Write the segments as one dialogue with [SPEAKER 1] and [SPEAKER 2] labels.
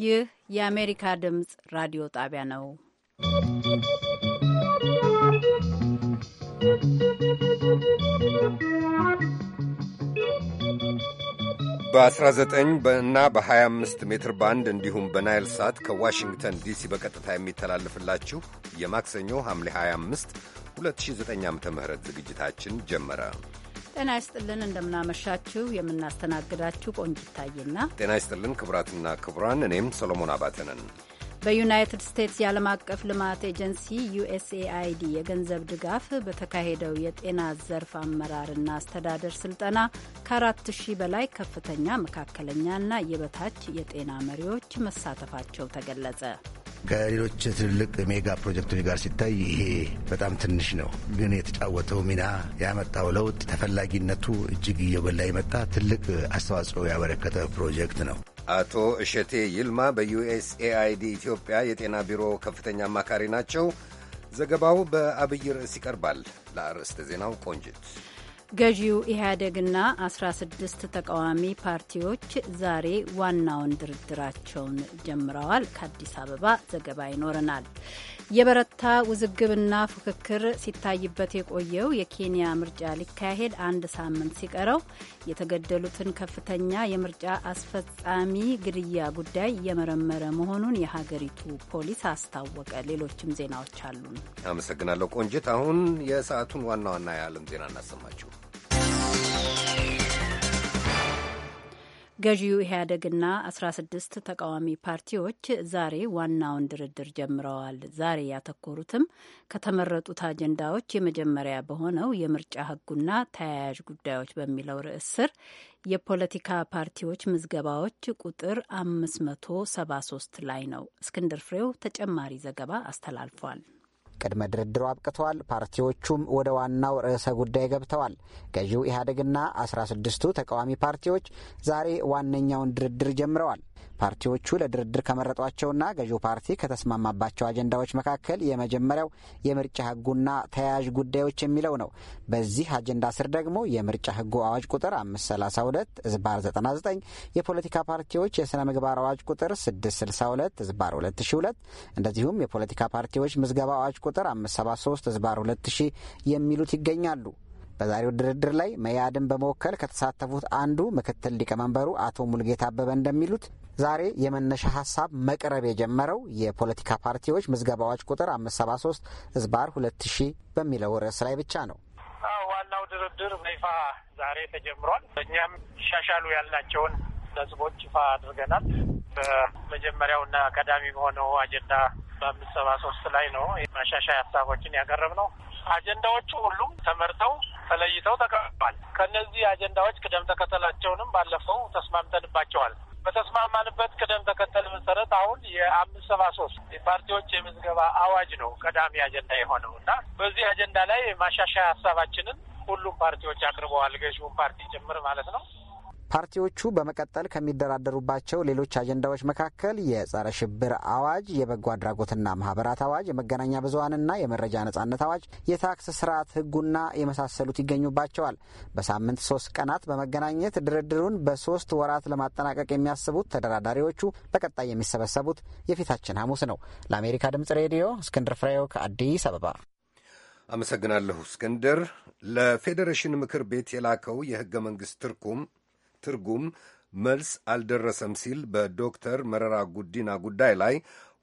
[SPEAKER 1] ይህ የአሜሪካ ድምፅ ራዲዮ ጣቢያ ነው።
[SPEAKER 2] በ19 እና በ25 ሜትር ባንድ እንዲሁም በናይል ሳት ከዋሽንግተን ዲሲ በቀጥታ የሚተላለፍላችሁ የማክሰኞ ሐምሌ 25 2009 ዓ ም ዝግጅታችን ጀመረ።
[SPEAKER 1] ጤና ይስጥልን እንደምናመሻችው የምናስተናግዳችሁ ቆንጅት ታይና
[SPEAKER 2] ጤና ይስጥልን ክቡራትና ክቡራን፣ እኔም ሰሎሞን አባተ ነን።
[SPEAKER 1] በዩናይትድ ስቴትስ የዓለም አቀፍ ልማት ኤጀንሲ ዩኤስኤአይዲ የገንዘብ ድጋፍ በተካሄደው የጤና ዘርፍ አመራርና አስተዳደር ስልጠና ከአራት ሺህ በላይ ከፍተኛ መካከለኛና የበታች የጤና መሪዎች መሳተፋቸው ተገለጸ።
[SPEAKER 3] ከሌሎች ትልልቅ ሜጋ ፕሮጀክቶች ጋር ሲታይ ይሄ በጣም ትንሽ ነው። ግን የተጫወተው ሚና ያመጣው ለውጥ ተፈላጊነቱ እጅግ እየጎላ የመጣ ትልቅ አስተዋጽኦ ያበረከተ ፕሮጀክት ነው።
[SPEAKER 2] አቶ እሸቴ ይልማ በዩኤስኤአይዲ ኢትዮጵያ የጤና ቢሮ ከፍተኛ አማካሪ ናቸው። ዘገባው በአብይ ርዕስ ይቀርባል። ለአርዕስተ ዜናው ቆንጅት
[SPEAKER 1] ገዢው ኢህአዴግና 16 ተቃዋሚ ፓርቲዎች ዛሬ ዋናውን ድርድራቸውን ጀምረዋል። ከአዲስ አበባ ዘገባ ይኖረናል። የበረታ ውዝግብና ፉክክር ሲታይበት የቆየው የኬንያ ምርጫ ሊካሄድ አንድ ሳምንት ሲቀረው የተገደሉትን ከፍተኛ የምርጫ አስፈጻሚ ግድያ ጉዳይ እየመረመረ መሆኑን የሀገሪቱ ፖሊስ አስታወቀ። ሌሎችም ዜናዎች አሉን።
[SPEAKER 2] አመሰግናለሁ ቆንጅት። አሁን የሰዓቱን ዋና ዋና የዓለም ዜና እናሰማችሁ።
[SPEAKER 1] ገዢው ኢህአዴግና 16 ተቃዋሚ ፓርቲዎች ዛሬ ዋናውን ድርድር ጀምረዋል። ዛሬ ያተኮሩትም ከተመረጡት አጀንዳዎች የመጀመሪያ በሆነው የምርጫ ህጉና ተያያዥ ጉዳዮች በሚለው ርዕስ ስር የፖለቲካ ፓርቲዎች ምዝገባዎች ቁጥር 573 ላይ ነው። እስክንድር ፍሬው ተጨማሪ ዘገባ አስተላልፏል።
[SPEAKER 4] ቅድመ ድርድሩ አብቅተዋል። ፓርቲዎቹም ወደ ዋናው ርዕሰ ጉዳይ ገብተዋል። ገዢው ኢህአዴግና አስራ ስድስቱ ተቃዋሚ ፓርቲዎች ዛሬ ዋነኛውን ድርድር ጀምረዋል። ፓርቲዎቹ ለድርድር ከመረጧቸውና ገዢው ፓርቲ ከተስማማባቸው አጀንዳዎች መካከል የመጀመሪያው የምርጫ ህጉና ተያያዥ ጉዳዮች የሚለው ነው። በዚህ አጀንዳ ስር ደግሞ የምርጫ ህጉ አዋጅ ቁጥር 532 ዝባር 99፣ የፖለቲካ ፓርቲዎች የሥነ ምግባር አዋጅ ቁጥር 662 ዝባር 2002፣ እንደዚሁም የፖለቲካ ፓርቲዎች ምዝገባ አዋጅ ቁጥር 573 ዝባር 2000 የሚሉት ይገኛሉ። በዛሬው ድርድር ላይ መያድን በመወከል ከተሳተፉት አንዱ ምክትል ሊቀመንበሩ አቶ ሙልጌታ አበበ እንደሚሉት ዛሬ የመነሻ ሀሳብ መቅረብ የጀመረው የፖለቲካ ፓርቲዎች ምዝገባዎች ቁጥር አምስት ሰባ ሶስት ህዝባር ሁለት ሺህ በሚለው ርዕስ ላይ ብቻ ነው።
[SPEAKER 5] ዋናው ድርድር በይፋ ዛሬ
[SPEAKER 3] ተጀምሯል። እኛም ሻሻሉ ያላቸውን ነጥቦች ይፋ አድርገናል። በመጀመሪያውና ቀዳሚ በሆነው አጀንዳ በአምስት ሰባ ሶስት ላይ ነው ማሻሻያ ሀሳቦችን ያቀረብ ነው። አጀንዳዎቹ ሁሉም ተመርተው ተለይተው ተቀርበዋል። ከእነዚህ አጀንዳዎች ቅደም ተከተላቸውንም ባለፈው ተስማምተንባቸዋል። በተስማማንበት ቅደም ተከተል መሰረት አሁን የአምስት ሰባ ሶስት የፓርቲዎች የምዝገባ አዋጅ ነው ቀዳሚ አጀንዳ የሆነው እና በዚህ አጀንዳ ላይ ማሻሻያ ሀሳባችንን ሁሉም ፓርቲዎች አቅርበዋል። ገዥውን ፓርቲ
[SPEAKER 5] ጭምር ማለት ነው።
[SPEAKER 4] ፓርቲዎቹ በመቀጠል ከሚደራደሩባቸው ሌሎች አጀንዳዎች መካከል የጸረ ሽብር አዋጅ፣ የበጎ አድራጎትና ማህበራት አዋጅ፣ የመገናኛ ብዙሀንና የመረጃ ነጻነት አዋጅ፣ የታክስ ስርዓት ህጉና የመሳሰሉት ይገኙባቸዋል። በሳምንት ሶስት ቀናት በመገናኘት ድርድሩን በሶስት ወራት ለማጠናቀቅ የሚያስቡት ተደራዳሪዎቹ በቀጣይ የሚሰበሰቡት የፊታችን ሐሙስ ነው። ለአሜሪካ ድምጽ ሬዲዮ እስክንድር ፍሬው ከአዲስ አበባ
[SPEAKER 2] አመሰግናለሁ። እስክንድር ለፌዴሬሽን ምክር ቤት የላከው የህገ መንግስት ትርኩም ትርጉም መልስ አልደረሰም ሲል በዶክተር መረራ ጉዲና ጉዳይ ላይ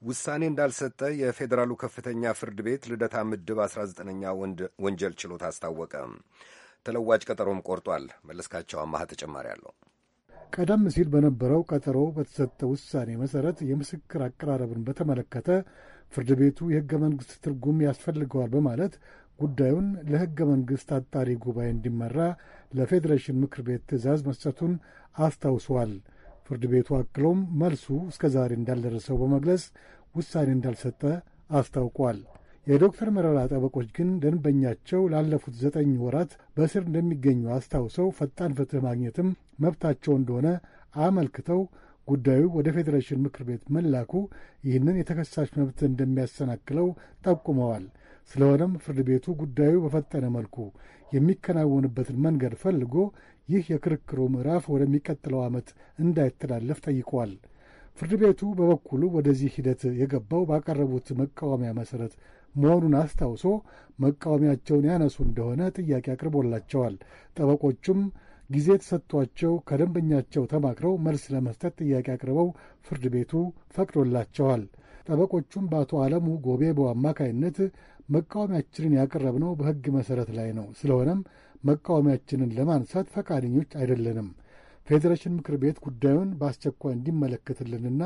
[SPEAKER 2] ውሳኔ እንዳልሰጠ የፌዴራሉ ከፍተኛ ፍርድ ቤት ልደታ ምድብ 19ኛ ወንጀል ችሎት አስታወቀ። ተለዋጭ ቀጠሮም ቆርጧል። መለስካቸው አማሃ ተጨማሪ አለው።
[SPEAKER 6] ቀደም ሲል በነበረው ቀጠሮ በተሰጠ ውሳኔ መሠረት የምስክር አቀራረብን በተመለከተ ፍርድ ቤቱ የሕገ መንግሥት ትርጉም ያስፈልገዋል በማለት ጉዳዩን ለሕገ መንግሥት አጣሪ ጉባኤ እንዲመራ ለፌዴሬሽን ምክር ቤት ትእዛዝ መስጠቱን አስታውሰዋል። ፍርድ ቤቱ አክሎም መልሱ እስከ ዛሬ እንዳልደረሰው በመግለጽ ውሳኔ እንዳልሰጠ አስታውቋል። የዶክተር መረራ ጠበቆች ግን ደንበኛቸው ላለፉት ዘጠኝ ወራት በእስር እንደሚገኙ አስታውሰው ፈጣን ፍትህ ማግኘትም መብታቸው እንደሆነ አመልክተው ጉዳዩ ወደ ፌዴሬሽን ምክር ቤት መላኩ ይህንን የተከሳሽ መብት እንደሚያሰናክለው ጠቁመዋል። ስለሆነም ፍርድ ቤቱ ጉዳዩ በፈጠነ መልኩ የሚከናወንበትን መንገድ ፈልጎ ይህ የክርክሩ ምዕራፍ ወደሚቀጥለው ዓመት እንዳይተላለፍ ጠይቋል። ፍርድ ቤቱ በበኩሉ ወደዚህ ሂደት የገባው ባቀረቡት መቃወሚያ መሠረት መሆኑን አስታውሶ መቃወሚያቸውን ያነሱ እንደሆነ ጥያቄ አቅርቦላቸዋል። ጠበቆቹም ጊዜ ተሰጥቷቸው ከደንበኛቸው ተማክረው መልስ ለመስጠት ጥያቄ አቅርበው ፍርድ ቤቱ ፈቅዶላቸዋል። ጠበቆቹም በአቶ ዓለሙ ጎቤቦ አማካይነት መቃወሚያችንን ያቀረብነው በሕግ መሠረት ላይ ነው። ስለሆነም መቃወሚያችንን ለማንሳት ፈቃደኞች አይደለንም። ፌዴሬሽን ምክር ቤት ጉዳዩን በአስቸኳይ እንዲመለከትልንና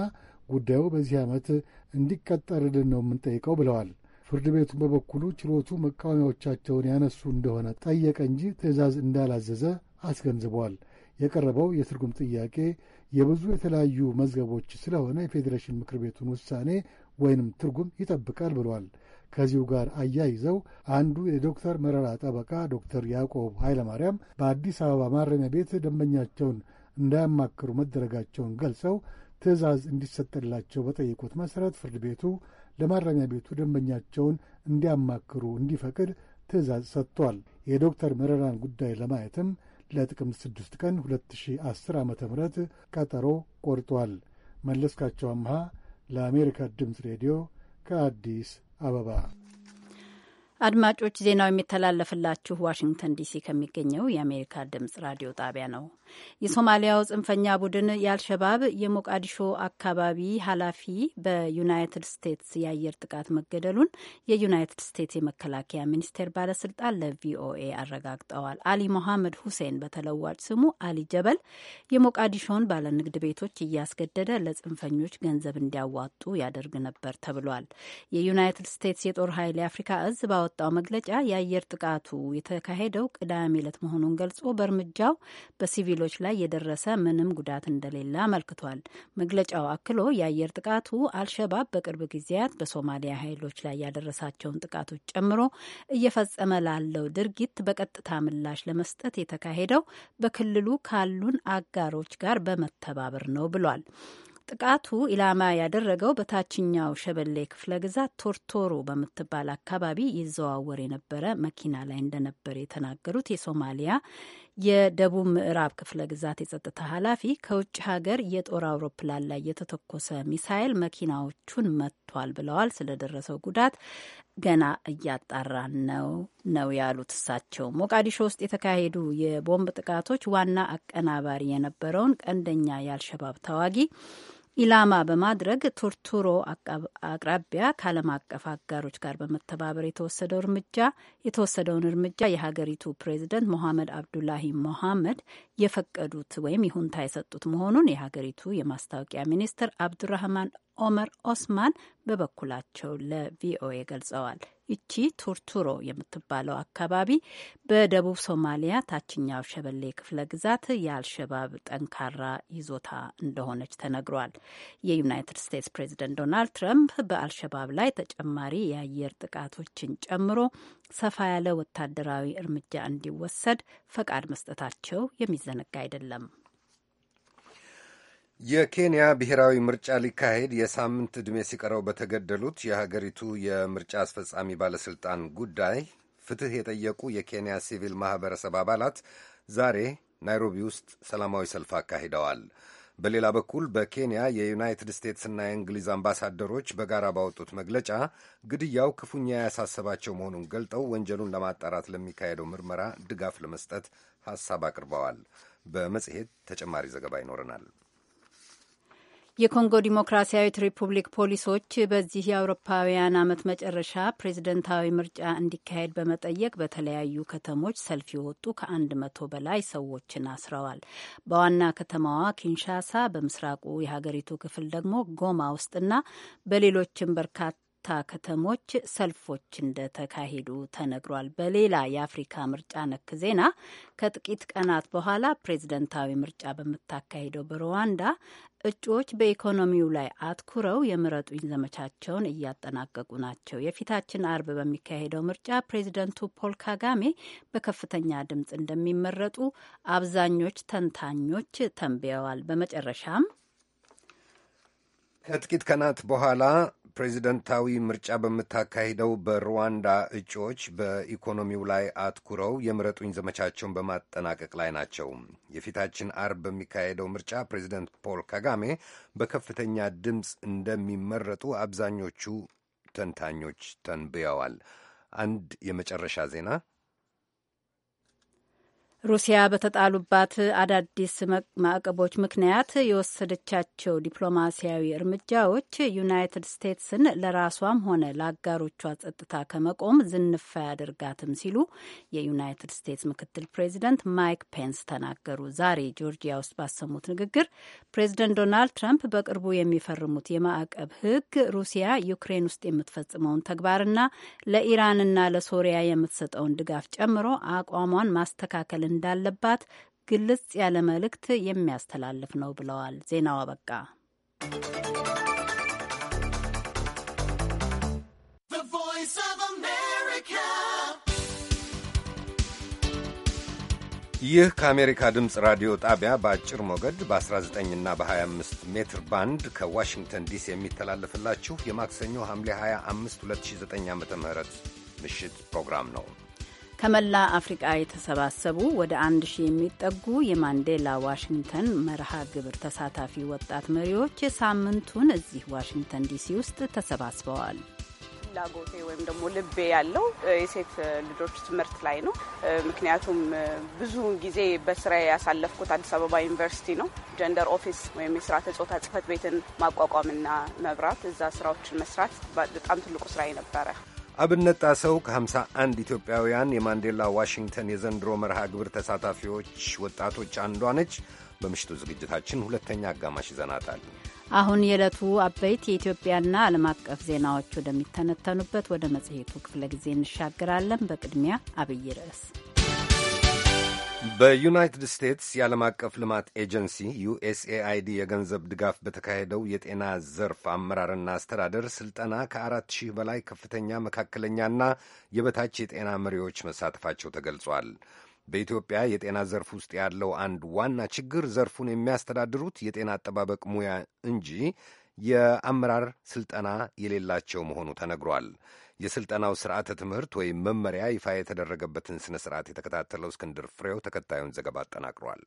[SPEAKER 6] ጉዳዩ በዚህ ዓመት እንዲቀጠርልን ነው የምንጠይቀው ብለዋል። ፍርድ ቤቱን በበኩሉ ችሎቱ መቃወሚያዎቻቸውን ያነሱ እንደሆነ ጠየቀ እንጂ ትዕዛዝ እንዳላዘዘ አስገንዝቧል። የቀረበው የትርጉም ጥያቄ የብዙ የተለያዩ መዝገቦች ስለሆነ የፌዴሬሽን ምክር ቤቱን ውሳኔ ወይንም ትርጉም ይጠብቃል ብሏል። ከዚሁ ጋር አያይዘው አንዱ የዶክተር መረራ ጠበቃ ዶክተር ያዕቆብ ኃይለማርያም በአዲስ አበባ ማረሚያ ቤት ደንበኛቸውን እንዳያማክሩ መደረጋቸውን ገልጸው ትዕዛዝ እንዲሰጥላቸው በጠየቁት መሠረት ፍርድ ቤቱ ለማረሚያ ቤቱ ደንበኛቸውን እንዲያማክሩ እንዲፈቅድ ትዕዛዝ ሰጥቷል። የዶክተር መረራን ጉዳይ ለማየትም ለጥቅምት 6 ቀን 2010 ዓ ም ቀጠሮ ቆርጧል። መለስካቸው አምሃ ለአሜሪካ ድምፅ ሬዲዮ ከአዲስ Ababa. Ah,
[SPEAKER 1] አድማጮች ዜናው የሚተላለፍላችሁ ዋሽንግተን ዲሲ ከሚገኘው የአሜሪካ ድምጽ ራዲዮ ጣቢያ ነው። የሶማሊያው ጽንፈኛ ቡድን የአልሸባብ የሞቃዲሾ አካባቢ ኃላፊ በዩናይትድ ስቴትስ የአየር ጥቃት መገደሉን የዩናይትድ ስቴትስ የመከላከያ ሚኒስቴር ባለስልጣን ለቪኦኤ አረጋግጠዋል። አሊ ሞሐመድ ሁሴን በተለዋጭ ስሙ አሊ ጀበል የሞቃዲሾን ባለንግድ ቤቶች እያስገደደ ለጽንፈኞች ገንዘብ እንዲያዋጡ ያደርግ ነበር ተብሏል። የዩናይትድ ስቴትስ የጦር ኃይል የአፍሪካ እዝ ባወጣው መግለጫ የአየር ጥቃቱ የተካሄደው ቅዳሜ ዕለት መሆኑን ገልጾ በእርምጃው በሲቪሎች ላይ የደረሰ ምንም ጉዳት እንደሌለ አመልክቷል። መግለጫው አክሎ የአየር ጥቃቱ አልሸባብ በቅርብ ጊዜያት በሶማሊያ ኃይሎች ላይ ያደረሳቸውን ጥቃቶች ጨምሮ እየፈጸመ ላለው ድርጊት በቀጥታ ምላሽ ለመስጠት የተካሄደው በክልሉ ካሉን አጋሮች ጋር በመተባበር ነው ብሏል። ጥቃቱ ኢላማ ያደረገው በታችኛው ሸበሌ ክፍለ ግዛት ቶርቶሮ በምትባል አካባቢ ይዘዋወር የነበረ መኪና ላይ እንደነበር የተናገሩት የሶማሊያ የደቡብ ምዕራብ ክፍለ ግዛት የጸጥታ ኃላፊ ከውጭ ሀገር የጦር አውሮፕላን ላይ የተተኮሰ ሚሳይል መኪናዎቹን መጥቷል ብለዋል። ስለደረሰው ጉዳት ገና እያጣራን ነው ነው ያሉት እሳቸው። ሞቃዲሾ ውስጥ የተካሄዱ የቦምብ ጥቃቶች ዋና አቀናባሪ የነበረውን ቀንደኛ የአልሸባብ ተዋጊ ኢላማ በማድረግ ቱርቱሮ አቅራቢያ ከዓለም አቀፍ አጋሮች ጋር በመተባበር የተወሰደው እርምጃ የተወሰደውን እርምጃ የሀገሪቱ ፕሬዚደንት ሞሐመድ አብዱላሂ ሞሐመድ የፈቀዱት ወይም ይሁንታ የሰጡት መሆኑን የሀገሪቱ የማስታወቂያ ሚኒስትር አብዱራህማን ኦመር ኦስማን በበኩላቸው ለቪኦኤ ገልጸዋል። ይቺ ቱርቱሮ የምትባለው አካባቢ በደቡብ ሶማሊያ ታችኛው ሸበሌ ክፍለ ግዛት የአልሸባብ ጠንካራ ይዞታ እንደሆነች ተነግሯል። የዩናይትድ ስቴትስ ፕሬዚደንት ዶናልድ ትራምፕ በአልሸባብ ላይ ተጨማሪ የአየር ጥቃቶችን ጨምሮ ሰፋ ያለ ወታደራዊ እርምጃ እንዲወሰድ ፈቃድ መስጠታቸው የሚዘነጋ አይደለም።
[SPEAKER 2] የኬንያ ብሔራዊ ምርጫ ሊካሄድ የሳምንት ዕድሜ ሲቀረው በተገደሉት የሀገሪቱ የምርጫ አስፈጻሚ ባለሥልጣን ጉዳይ ፍትሕ የጠየቁ የኬንያ ሲቪል ማኅበረሰብ አባላት ዛሬ ናይሮቢ ውስጥ ሰላማዊ ሰልፍ አካሂደዋል። በሌላ በኩል በኬንያ የዩናይትድ ስቴትስና የእንግሊዝ አምባሳደሮች በጋራ ባወጡት መግለጫ ግድያው ክፉኛ ያሳሰባቸው መሆኑን ገልጠው ወንጀሉን ለማጣራት ለሚካሄደው ምርመራ ድጋፍ ለመስጠት ሐሳብ አቅርበዋል። በመጽሔት ተጨማሪ ዘገባ ይኖረናል።
[SPEAKER 1] የኮንጎ ዲሞክራሲያዊት ሪፑብሊክ ፖሊሶች በዚህ የአውሮፓውያን ዓመት መጨረሻ ፕሬዝደንታዊ ምርጫ እንዲካሄድ በመጠየቅ በተለያዩ ከተሞች ሰልፍ የወጡ ከአንድ መቶ በላይ ሰዎችን አስረዋል። በዋና ከተማዋ ኪንሻሳ፣ በምስራቁ የሀገሪቱ ክፍል ደግሞ ጎማ ውስጥና በሌሎችም በርካታ ከተሞች ሰልፎች እንደተካሄዱ ተነግሯል። በሌላ የአፍሪካ ምርጫ ነክ ዜና ከጥቂት ቀናት በኋላ ፕሬዝደንታዊ ምርጫ በምታካሄደው በሩዋንዳ እጩዎች በኢኮኖሚው ላይ አትኩረው የምረጡኝ ዘመቻቸውን እያጠናቀቁ ናቸው። የፊታችን አርብ በሚካሄደው ምርጫ ፕሬዚደንቱ ፖል ካጋሜ በከፍተኛ ድምፅ እንደሚመረጡ አብዛኞች ተንታኞች ተንብየዋል። በመጨረሻም
[SPEAKER 2] ከጥቂት ቀናት በኋላ ፕሬዚደንታዊ ምርጫ በምታካሂደው በሩዋንዳ እጩዎች በኢኮኖሚው ላይ አትኩረው የምረጡኝ ዘመቻቸውን በማጠናቀቅ ላይ ናቸው። የፊታችን አርብ በሚካሄደው ምርጫ ፕሬዚደንት ፖል ካጋሜ በከፍተኛ ድምፅ እንደሚመረጡ አብዛኞቹ ተንታኞች ተንብየዋል። አንድ የመጨረሻ ዜና
[SPEAKER 1] ሩሲያ በተጣሉባት አዳዲስ ማዕቀቦች ምክንያት የወሰደቻቸው ዲፕሎማሲያዊ እርምጃዎች ዩናይትድ ስቴትስን ለራሷም ሆነ ለአጋሮቿ ጸጥታ ከመቆም ዝንፍ አያደርጋትም ሲሉ የዩናይትድ ስቴትስ ምክትል ፕሬዚደንት ማይክ ፔንስ ተናገሩ። ዛሬ ጆርጂያ ውስጥ ባሰሙት ንግግር ፕሬዚደንት ዶናልድ ትራምፕ በቅርቡ የሚፈርሙት የማዕቀብ ሕግ ሩሲያ ዩክሬን ውስጥ የምትፈጽመውን ተግባርና ለኢራንና ለሶሪያ የምትሰጠውን ድጋፍ ጨምሮ አቋሟን ማስተካከል እንዳለባት ግልጽ ያለ መልእክት የሚያስተላልፍ ነው ብለዋል። ዜናው አበቃ።
[SPEAKER 2] ይህ ከአሜሪካ ድምፅ ራዲዮ ጣቢያ በአጭር ሞገድ በ19 እና በ25 ሜትር ባንድ ከዋሽንግተን ዲሲ የሚተላለፍላችሁ የማክሰኞ ሐምሌ 25 2009 ዓ ም ምሽት ፕሮግራም ነው።
[SPEAKER 1] ከመላ አፍሪቃ የተሰባሰቡ ወደ አንድ ሺህ የሚጠጉ የማንዴላ ዋሽንግተን መርሃ ግብር ተሳታፊ ወጣት መሪዎች የሳምንቱን እዚህ ዋሽንግተን ዲሲ ውስጥ ተሰባስበዋል።
[SPEAKER 7] ፍላጎቴ ወይም ደግሞ ልቤ ያለው የሴት ልጆች ትምህርት ላይ ነው። ምክንያቱም ብዙውን ጊዜ በስራ ያሳለፍኩት አዲስ አበባ ዩኒቨርሲቲ ነው። ጀንደር ኦፊስ ወይም የስራ ተጾታ ጽህፈት ቤትን ማቋቋምና መብራት እዛ ስራዎችን መስራት በጣም ትልቁ ስራ ነበረ።
[SPEAKER 2] አብነት ጣሰው ከ51 ኢትዮጵያውያን የማንዴላ ዋሽንግተን የዘንድሮ መርሃ ግብር ተሳታፊዎች ወጣቶች አንዷ ነች። በምሽቱ ዝግጅታችን ሁለተኛ አጋማሽ ይዘናታል።
[SPEAKER 1] አሁን የዕለቱ አበይት የኢትዮጵያና ዓለም አቀፍ ዜናዎች ወደሚተነተኑበት ወደ መጽሔቱ ክፍለ ጊዜ እንሻገራለን። በቅድሚያ አብይ ርዕስ
[SPEAKER 2] በዩናይትድ ስቴትስ የዓለም አቀፍ ልማት ኤጀንሲ ዩኤስኤአይዲ የገንዘብ ድጋፍ በተካሄደው የጤና ዘርፍ አመራርና አስተዳደር ስልጠና ከአራት ሺህ በላይ ከፍተኛ መካከለኛና የበታች የጤና መሪዎች መሳተፋቸው ተገልጿል። በኢትዮጵያ የጤና ዘርፍ ውስጥ ያለው አንድ ዋና ችግር ዘርፉን የሚያስተዳድሩት የጤና አጠባበቅ ሙያ እንጂ የአመራር ስልጠና የሌላቸው መሆኑ ተነግሯል። የሥልጠናው ስርዓተ ትምህርት ወይም መመሪያ ይፋ የተደረገበትን ሥነ ሥርዓት የተከታተለው እስክንድር ፍሬው ተከታዩን ዘገባ አጠናቅሯል።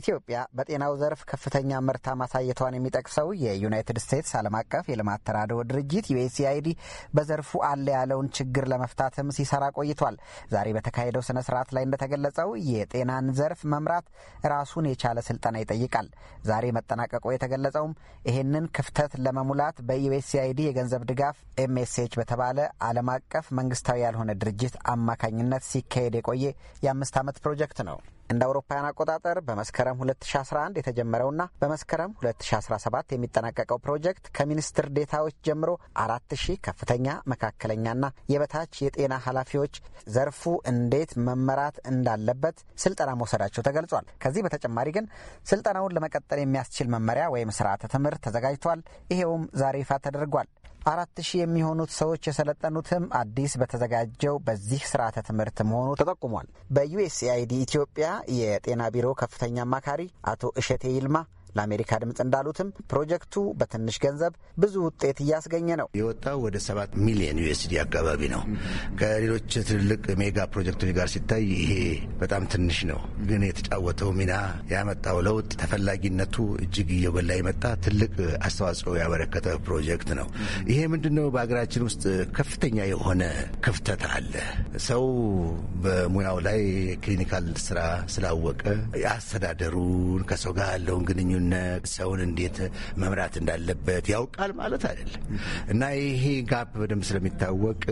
[SPEAKER 4] ኢትዮጵያ በጤናው ዘርፍ ከፍተኛ ምርታ ማሳየቷን የሚጠቅሰው የዩናይትድ ስቴትስ ዓለም አቀፍ የልማት ተራድኦ ድርጅት ዩኤስኤአይዲ በዘርፉ አለ ያለውን ችግር ለመፍታትም ሲሰራ ቆይቷል። ዛሬ በተካሄደው ስነ ስርዓት ላይ እንደተገለጸው የጤናን ዘርፍ መምራት ራሱን የቻለ ስልጠና ይጠይቃል። ዛሬ መጠናቀቁ የተገለጸውም ይህንን ክፍተት ለመሙላት በዩኤስኤአይዲ የገንዘብ ድጋፍ ኤምኤስኤች በተባለ ዓለም አቀፍ መንግስታዊ ያልሆነ ድርጅት አማካኝነት ሲካሄድ የቆየ የአምስት ዓመት ፕሮጀክት ነው። እንደ አውሮፓውያን አቆጣጠር በመስከረም 2011 የተጀመረውና በመስከረም 2017 የሚጠናቀቀው ፕሮጀክት ከሚኒስትር ዴታዎች ጀምሮ አራት ከፍተኛ መካከለኛና የበታች የጤና ኃላፊዎች ዘርፉ እንዴት መመራት እንዳለበት ስልጠና መውሰዳቸው ተገልጿል። ከዚህ በተጨማሪ ግን ስልጠናውን ለመቀጠል የሚያስችል መመሪያ ወይም ስርዓተ ትምህርት ተዘጋጅቷል። ይሄውም ዛሬ ይፋ ተደርጓል። አራት ሺህ የሚሆኑት ሰዎች የሰለጠኑትም አዲስ በተዘጋጀው በዚህ ስርዓተ ትምህርት መሆኑ ተጠቁሟል። በዩኤስኤአይዲ ኢትዮጵያ የጤና ቢሮ ከፍተኛ አማካሪ አቶ እሸቴ ይልማ ለአሜሪካ ድምፅ እንዳሉትም ፕሮጀክቱ በትንሽ ገንዘብ ብዙ ውጤት እያስገኘ ነው። የወጣው ወደ ሰባት
[SPEAKER 3] ሚሊዮን ዩኤስዲ አካባቢ ነው። ከሌሎች ትልልቅ ሜጋ ፕሮጀክቶች ጋር ሲታይ ይሄ በጣም ትንሽ ነው። ግን የተጫወተው ሚና ያመጣው ለውጥ ተፈላጊነቱ እጅግ እየጎላ የመጣ ትልቅ አስተዋጽኦ ያበረከተ ፕሮጀክት ነው። ይሄ ምንድን ነው? በሀገራችን ውስጥ ከፍተኛ የሆነ ክፍተት አለ። ሰው በሙያው ላይ ክሊኒካል ስራ ስላወቀ አስተዳደሩን፣ ከሰው ጋር ያለውን ግንኙነት ሰውን እንዴት መምራት እንዳለበት ያውቃል ማለት አይደለም እና ይሄ ጋፕ በደንብ ስለሚታወቅ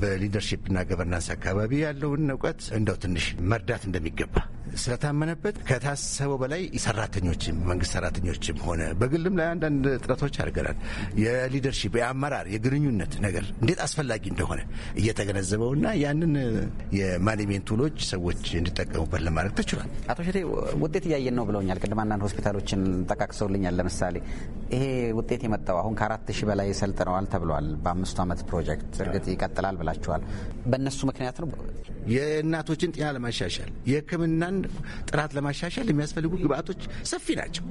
[SPEAKER 3] በሊደርሺፕና ገቨርናንስ አካባቢ ያለውን እውቀት እንደው ትንሽ መርዳት እንደሚገባ ስለታመነበት ከታሰበው በላይ ሰራተኞችም መንግስት ሰራተኞችም ሆነ በግልም ላይ አንዳንድ ጥረቶች አድርገናል። የሊደርሺፕ የአመራር የግንኙነት ነገር እንዴት አስፈላጊ እንደሆነ እየተገነዘበውና
[SPEAKER 4] ያንን የማኔጅሜንት ቱሎች ሰዎች እንዲጠቀሙበት ለማድረግ ተችሏል። አቶ ሸቴ ውጤት እያየን ነው ብለውኛል። ቅድም አንዳንድ ሆስፒታሎችን ጠቃቅሰውልኛል። ለምሳሌ ይሄ ውጤት የመጣው አሁን ከአራት ሺህ በላይ ሰልጥነዋል ተብሏል በአምስቱ ዓመት ፕሮጀክት እርግጥ ይቀጥላል ብላችኋል። በእነሱ ምክንያት ነው የእናቶችን ጤና ለማሻሻል የህክምናን ጥራት
[SPEAKER 3] ለማሻሻል የሚያስፈልጉ ግብአቶች ሰፊ ናቸው፣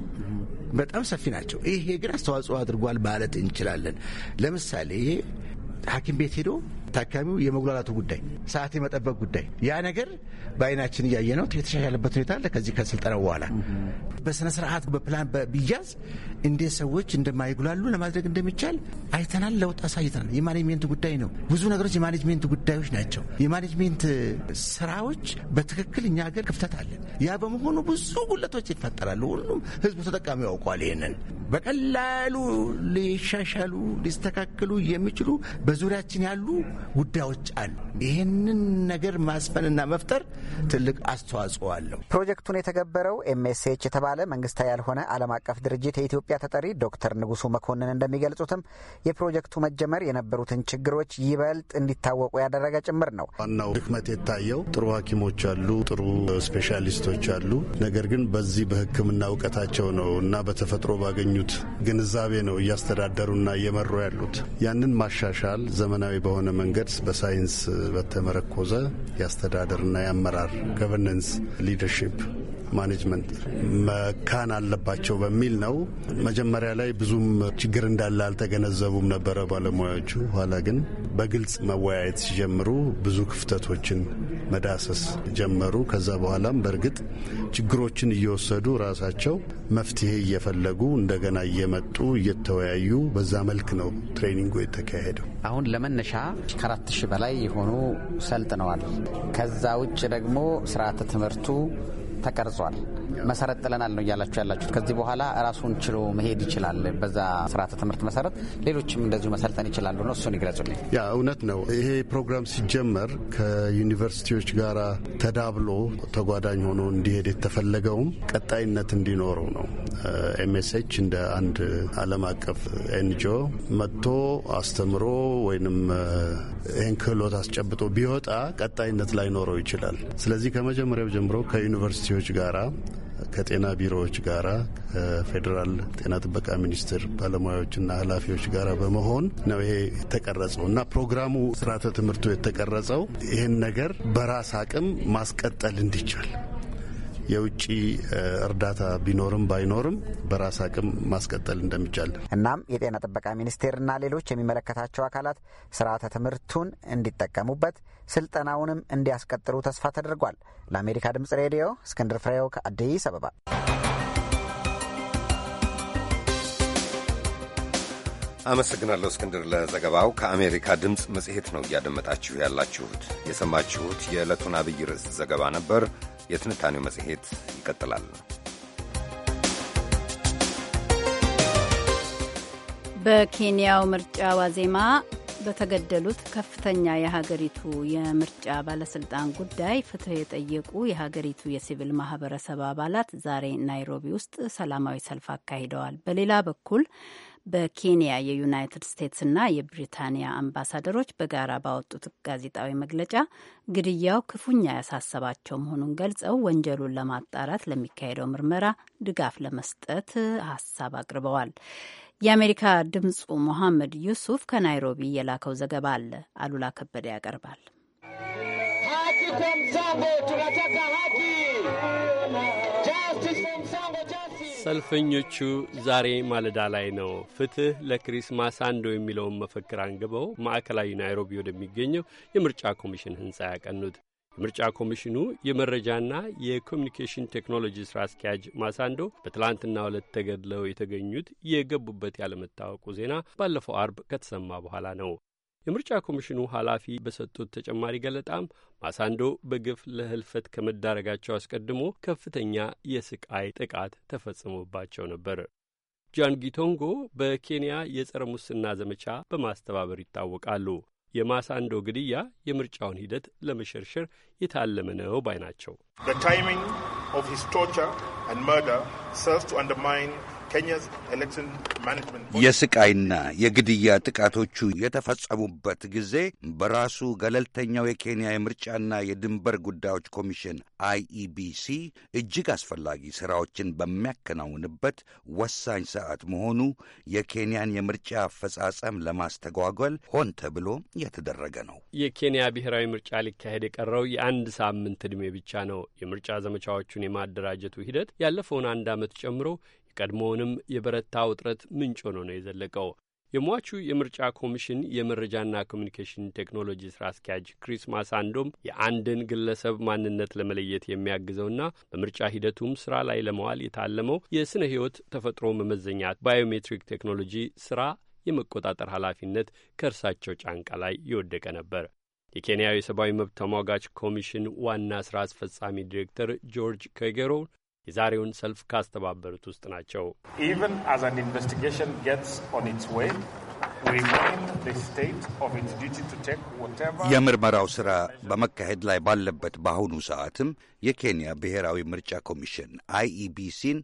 [SPEAKER 3] በጣም ሰፊ ናቸው። ይሄ ግን አስተዋጽኦ አድርጓል ማለት እንችላለን። ለምሳሌ ሐኪም ቤት ሄዶ ታካሚው የመጉላላቱ ጉዳይ፣ ሰዓት የመጠበቅ ጉዳይ ያ ነገር በአይናችን እያየ ነው። የተሻሻለበት ሁኔታ አለ። ከዚህ ከስልጠናው በኋላ በስነ ስርዓት በፕላን ቢያዝ እንዴት ሰዎች እንደማይጉላሉ ለማድረግ እንደሚቻል አይተናል። ለውጥ አሳይተናል። የማኔጅሜንት ጉዳይ ነው። ብዙ ነገሮች የማኔጅሜንት ጉዳዮች ናቸው። የማኔጅሜንት ስራዎች በትክክል እኛ ሀገር ክፍተት አለ። ያ በመሆኑ ብዙ ጉለቶች ይፈጠራሉ። ሁሉም ህዝቡ ተጠቃሚ ያውቋል። ይህንን በቀላሉ ሊሻሻሉ ሊስተካከሉ የሚችሉ በዙሪያችን ያሉ ጉዳዮች አሉ። ይህንን ነገር ማስፈንና መፍጠር ትልቅ አስተዋጽኦ አለው።
[SPEAKER 4] ፕሮጀክቱን የተገበረው ኤምኤስኤች የተባለ መንግስታዊ ያልሆነ ዓለም አቀፍ ድርጅት የኢትዮጵያ ተጠሪ ዶክተር ንጉሱ መኮንን እንደሚገልጹትም የፕሮጀክቱ መጀመር የነበሩትን ችግሮች ይበልጥ እንዲታወቁ ያደረገ ጭምር ነው። ዋናው
[SPEAKER 8] ድክመት የታየው ጥሩ ሐኪሞች አሉ፣ ጥሩ ስፔሻሊስቶች አሉ። ነገር ግን በዚህ በህክምና እውቀታቸው ነው እና በተፈጥሮ ባገኙት ግንዛቤ ነው እያስተዳደሩና እየመሩ ያሉት። ያንን ማሻሻል ዘመናዊ በሆነ መንገድ መንገድ በሳይንስ በተመረኮዘ የአስተዳደርና የአመራር ገቨርነንስ ሊደርሺፕ ማኔጅመንት መካን አለባቸው በሚል ነው። መጀመሪያ ላይ ብዙም ችግር እንዳለ አልተገነዘቡም ነበረ ባለሙያዎቹ። ኋላ ግን በግልጽ መወያየት ሲጀምሩ ብዙ ክፍተቶችን መዳሰስ ጀመሩ። ከዛ በኋላም በእርግጥ ችግሮችን እየወሰዱ ራሳቸው መፍትሄ እየፈለጉ እንደገና እየመጡ እየተወያዩ
[SPEAKER 4] በዛ መልክ ነው ትሬኒንጉ የተካሄደው። አሁን ለመነሻ ከአራት ሺህ በላይ የሆኑ ሰልጥነዋል። ከዛ ውጭ ደግሞ ስርዓተ ትምህርቱ ተቀርጿል። መሰረት ጥለናል ነው እያላችሁ ያላችሁት። ከዚህ በኋላ ራሱን ችሎ መሄድ ይችላል። በዛ ስርዓተ ትምህርት መሰረት ሌሎችም እንደዚሁ መሰልጠን ይችላሉ ነው። እሱን ይግለጹልኝ።
[SPEAKER 8] ያ እውነት ነው። ይሄ ፕሮግራም ሲጀመር ከዩኒቨርሲቲዎች ጋር ተዳብሎ ተጓዳኝ ሆኖ እንዲሄድ የተፈለገውም ቀጣይነት እንዲኖረው ነው። ኤምኤስኤች እንደ አንድ ዓለም አቀፍ ኤንጂኦ መጥቶ አስተምሮ ወይንም ይህን ክህሎት አስጨብጦ ቢወጣ ቀጣይነት ላይኖረው ይችላል። ስለዚህ ከመጀመሪያው ጀምሮ ከዩኒቨርሲቲ ኤጀንሲዎች ጋራ ከጤና ቢሮዎች ጋራ ከፌዴራል ጤና ጥበቃ ሚኒስቴር ባለሙያዎችና ኃላፊዎች ጋራ በመሆን ነው ይሄ የተቀረጸው እና ፕሮግራሙ ስርዓተ ትምህርቱ የተቀረጸው ይህን ነገር በራስ አቅም ማስቀጠል እንዲቻል የውጭ
[SPEAKER 4] እርዳታ ቢኖርም ባይኖርም በራስ አቅም ማስቀጠል እንደሚቻል። እናም የጤና ጥበቃ ሚኒስቴርና ሌሎች የሚመለከታቸው አካላት ስርዓተ ትምህርቱን እንዲጠቀሙበት ስልጠናውንም እንዲያስቀጥሉ ተስፋ ተደርጓል። ለአሜሪካ ድምጽ ሬዲዮ እስክንድር ፍሬው ከአዲስ አበባ።
[SPEAKER 2] አመሰግናለሁ እስክንድር ለዘገባው። ከአሜሪካ ድምፅ መጽሔት ነው እያደመጣችሁ ያላችሁት። የሰማችሁት የዕለቱን አብይ ርዕስ ዘገባ ነበር። የትንታኔው መጽሔት ይቀጥላል።
[SPEAKER 1] በኬንያው ምርጫ ዋዜማ በተገደሉት ከፍተኛ የሀገሪቱ የምርጫ ባለስልጣን ጉዳይ ፍትህ የጠየቁ የሀገሪቱ የሲቪል ማህበረሰብ አባላት ዛሬ ናይሮቢ ውስጥ ሰላማዊ ሰልፍ አካሂደዋል። በሌላ በኩል በኬንያ የዩናይትድ ስቴትስና የብሪታንያ አምባሳደሮች በጋራ ባወጡት ጋዜጣዊ መግለጫ ግድያው ክፉኛ ያሳሰባቸው መሆኑን ገልጸው ወንጀሉን ለማጣራት ለሚካሄደው ምርመራ ድጋፍ ለመስጠት ሀሳብ አቅርበዋል። የአሜሪካ ድምፁ ሞሐመድ ዩሱፍ ከናይሮቢ የላከው ዘገባ አለ። አሉላ ከበደ ያቀርባል።
[SPEAKER 9] ሰልፈኞቹ ዛሬ ማለዳ ላይ ነው ፍትህ ለክሪስ ማሳንዶ የሚለውን መፈክር አንግበው ማዕከላዊ ናይሮቢ ወደሚገኘው የምርጫ ኮሚሽን ህንጻ ያቀኑት። የምርጫ ኮሚሽኑ የመረጃና የኮሚኒኬሽን ቴክኖሎጂ ስራ አስኪያጅ ማሳንዶ በትላንትና ዕለት ተገድለው የተገኙት የገቡበት ያለመታወቁ ዜና ባለፈው አርብ ከተሰማ በኋላ ነው። የምርጫ ኮሚሽኑ ኃላፊ በሰጡት ተጨማሪ ገለጣም ማሳንዶ በግፍ ለህልፈት ከመዳረጋቸው አስቀድሞ ከፍተኛ የስቃይ ጥቃት ተፈጽሞባቸው ነበር። ጃንጊቶንጎ በኬንያ የጸረ ሙስና ዘመቻ በማስተባበር ይታወቃሉ። የማሳንዶ ግድያ የምርጫውን ሂደት ለመሸርሸር የታለመ ነው ባይ ናቸው። የስቃይና
[SPEAKER 10] የግድያ ጥቃቶቹ የተፈጸሙበት ጊዜ በራሱ ገለልተኛው የኬንያ የምርጫና የድንበር ጉዳዮች ኮሚሽን አይኢቢሲ እጅግ አስፈላጊ ሥራዎችን በሚያከናውንበት ወሳኝ ሰዓት መሆኑ የኬንያን የምርጫ አፈጻጸም ለማስተጓጓል ሆን ተብሎ የተደረገ ነው።
[SPEAKER 9] የኬንያ ብሔራዊ ምርጫ ሊካሄድ የቀረው የአንድ ሳምንት ዕድሜ ብቻ ነው። የምርጫ ዘመቻዎቹን የማደራጀቱ ሂደት ያለፈውን አንድ ዓመት ጨምሮ የቀድሞውንም የበረታ ውጥረት ምንጭ ሆኖ ነው የዘለቀው። የሟቹ የምርጫ ኮሚሽን የመረጃና ኮሚኒኬሽን ቴክኖሎጂ ስራ አስኪያጅ ክሪስ ማሳንዶም የአንድን ግለሰብ ማንነት ለመለየት የሚያግዘውና በምርጫ ሂደቱም ስራ ላይ ለመዋል የታለመው የስነ ሕይወት ተፈጥሮ መመዘኛ ባዮሜትሪክ ቴክኖሎጂ ስራ የመቆጣጠር ኃላፊነት ከእርሳቸው ጫንቃ ላይ የወደቀ ነበር። የኬንያው የሰብአዊ መብት ተሟጋች ኮሚሽን ዋና ስራ አስፈጻሚ ዲሬክተር ጆርጅ ከጌሮ የዛሬውን ሰልፍ ካስተባበሩት ውስጥ ናቸው። የምርመራው ሥራ
[SPEAKER 10] በመካሄድ ላይ ባለበት በአሁኑ ሰዓትም የኬንያ ብሔራዊ ምርጫ ኮሚሽን አይኢቢሲን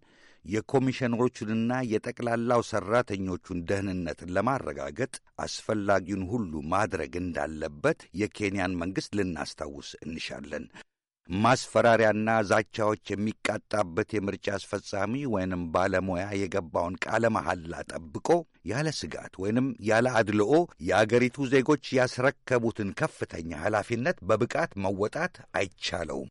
[SPEAKER 10] የኮሚሽነሮቹንና የጠቅላላው ሠራተኞቹን ደህንነትን ለማረጋገጥ አስፈላጊውን ሁሉ ማድረግ እንዳለበት የኬንያን መንግሥት ልናስታውስ እንሻለን። ማስፈራሪያና ዛቻዎች የሚቃጣበት የምርጫ አስፈጻሚ ወይንም ባለሙያ የገባውን ቃለ መሐላ ጠብቆ ያለ ስጋት ወይንም ያለ አድልኦ የአገሪቱ ዜጎች ያስረከቡትን ከፍተኛ ኃላፊነት በብቃት መወጣት አይቻለውም።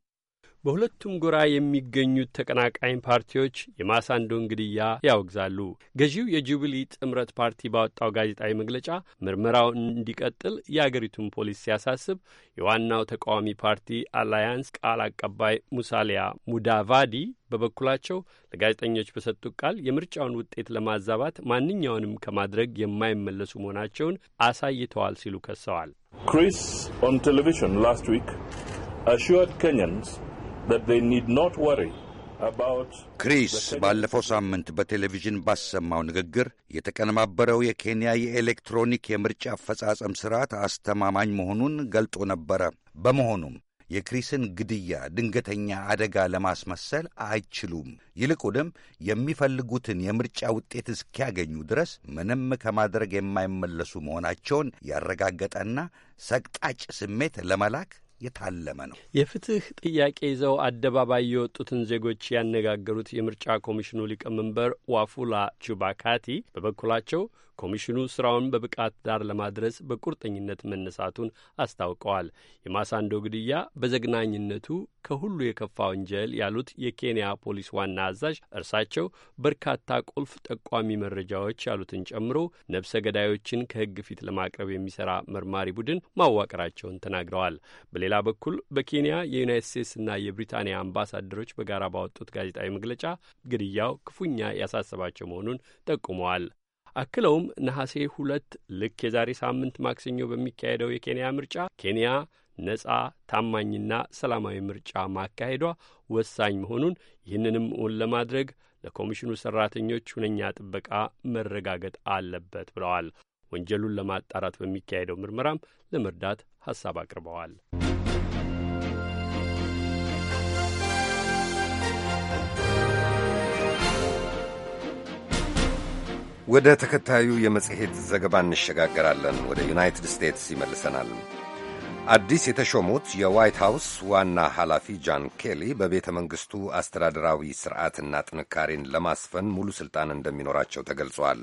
[SPEAKER 9] በሁለቱም ጎራ የሚገኙት ተቀናቃኝ ፓርቲዎች የማሳንዶን ግድያ ያወግዛሉ። ገዢው የጁብሊ ጥምረት ፓርቲ ባወጣው ጋዜጣዊ መግለጫ ምርመራው እንዲቀጥል የአገሪቱን ፖሊስ ሲያሳስብ፣ የዋናው ተቃዋሚ ፓርቲ አላያንስ ቃል አቀባይ ሙሳሊያ ሙዳቫዲ በበኩላቸው ለጋዜጠኞች በሰጡት ቃል የምርጫውን ውጤት ለማዛባት ማንኛውንም ከማድረግ የማይመለሱ መሆናቸውን አሳይተዋል ሲሉ ከሰዋል። ክሪስ ኦን ቴሌቪዥን ላስት ዊክ assured ኬንያንስ
[SPEAKER 10] ክሪስ ባለፈው ሳምንት በቴሌቪዥን ባሰማው ንግግር የተቀነባበረው የኬንያ የኤሌክትሮኒክ የምርጫ አፈጻጸም ሥርዓት አስተማማኝ መሆኑን ገልጦ ነበረ። በመሆኑም የክሪስን ግድያ ድንገተኛ አደጋ ለማስመሰል አይችሉም። ይልቁንም የሚፈልጉትን የምርጫ ውጤት እስኪያገኙ ድረስ ምንም ከማድረግ የማይመለሱ መሆናቸውን ያረጋገጠና ሰቅጣጭ ስሜት ለመላክ
[SPEAKER 9] የታለመ ነው። የፍትህ ጥያቄ ይዘው አደባባይ የወጡትን ዜጎች ያነጋገሩት የምርጫ ኮሚሽኑ ሊቀመንበር ዋፉላ ቹባካቲ በበኩላቸው ኮሚሽኑ ስራውን በብቃት ዳር ለማድረስ በቁርጠኝነት መነሳቱን አስታውቀዋል። የማሳንዶ ግድያ በዘግናኝነቱ ከሁሉ የከፋ ወንጀል ያሉት የኬንያ ፖሊስ ዋና አዛዥ እርሳቸው በርካታ ቁልፍ ጠቋሚ መረጃዎች ያሉትን ጨምሮ ነብሰ ገዳዮችን ከህግ ፊት ለማቅረብ የሚሰራ መርማሪ ቡድን ማዋቀራቸውን ተናግረዋል። በሌላ በኩል በኬንያ የዩናይት ስቴትስና የብሪታንያ አምባሳደሮች በጋራ ባወጡት ጋዜጣዊ መግለጫ ግድያው ክፉኛ ያሳሰባቸው መሆኑን ጠቁመዋል። አክለውም ነሐሴ ሁለት ልክ የዛሬ ሳምንት ማክሰኞ በሚካሄደው የኬንያ ምርጫ ኬንያ ነጻ ታማኝና ሰላማዊ ምርጫ ማካሄዷ ወሳኝ መሆኑን ይህንንም እውን ለማድረግ ለኮሚሽኑ ሠራተኞች ሁነኛ ጥበቃ መረጋገጥ አለበት ብለዋል። ወንጀሉን ለማጣራት በሚካሄደው ምርመራም ለመርዳት ሐሳብ አቅርበዋል።
[SPEAKER 2] ወደ ተከታዩ የመጽሔት ዘገባ እንሸጋገራለን። ወደ ዩናይትድ ስቴትስ ይመልሰናል። አዲስ የተሾሙት የዋይት ሃውስ ዋና ኃላፊ ጃን ኬሊ በቤተ መንግሥቱ አስተዳደራዊ ሥርዓትና ጥንካሬን ለማስፈን ሙሉ ሥልጣን እንደሚኖራቸው ተገልጿል።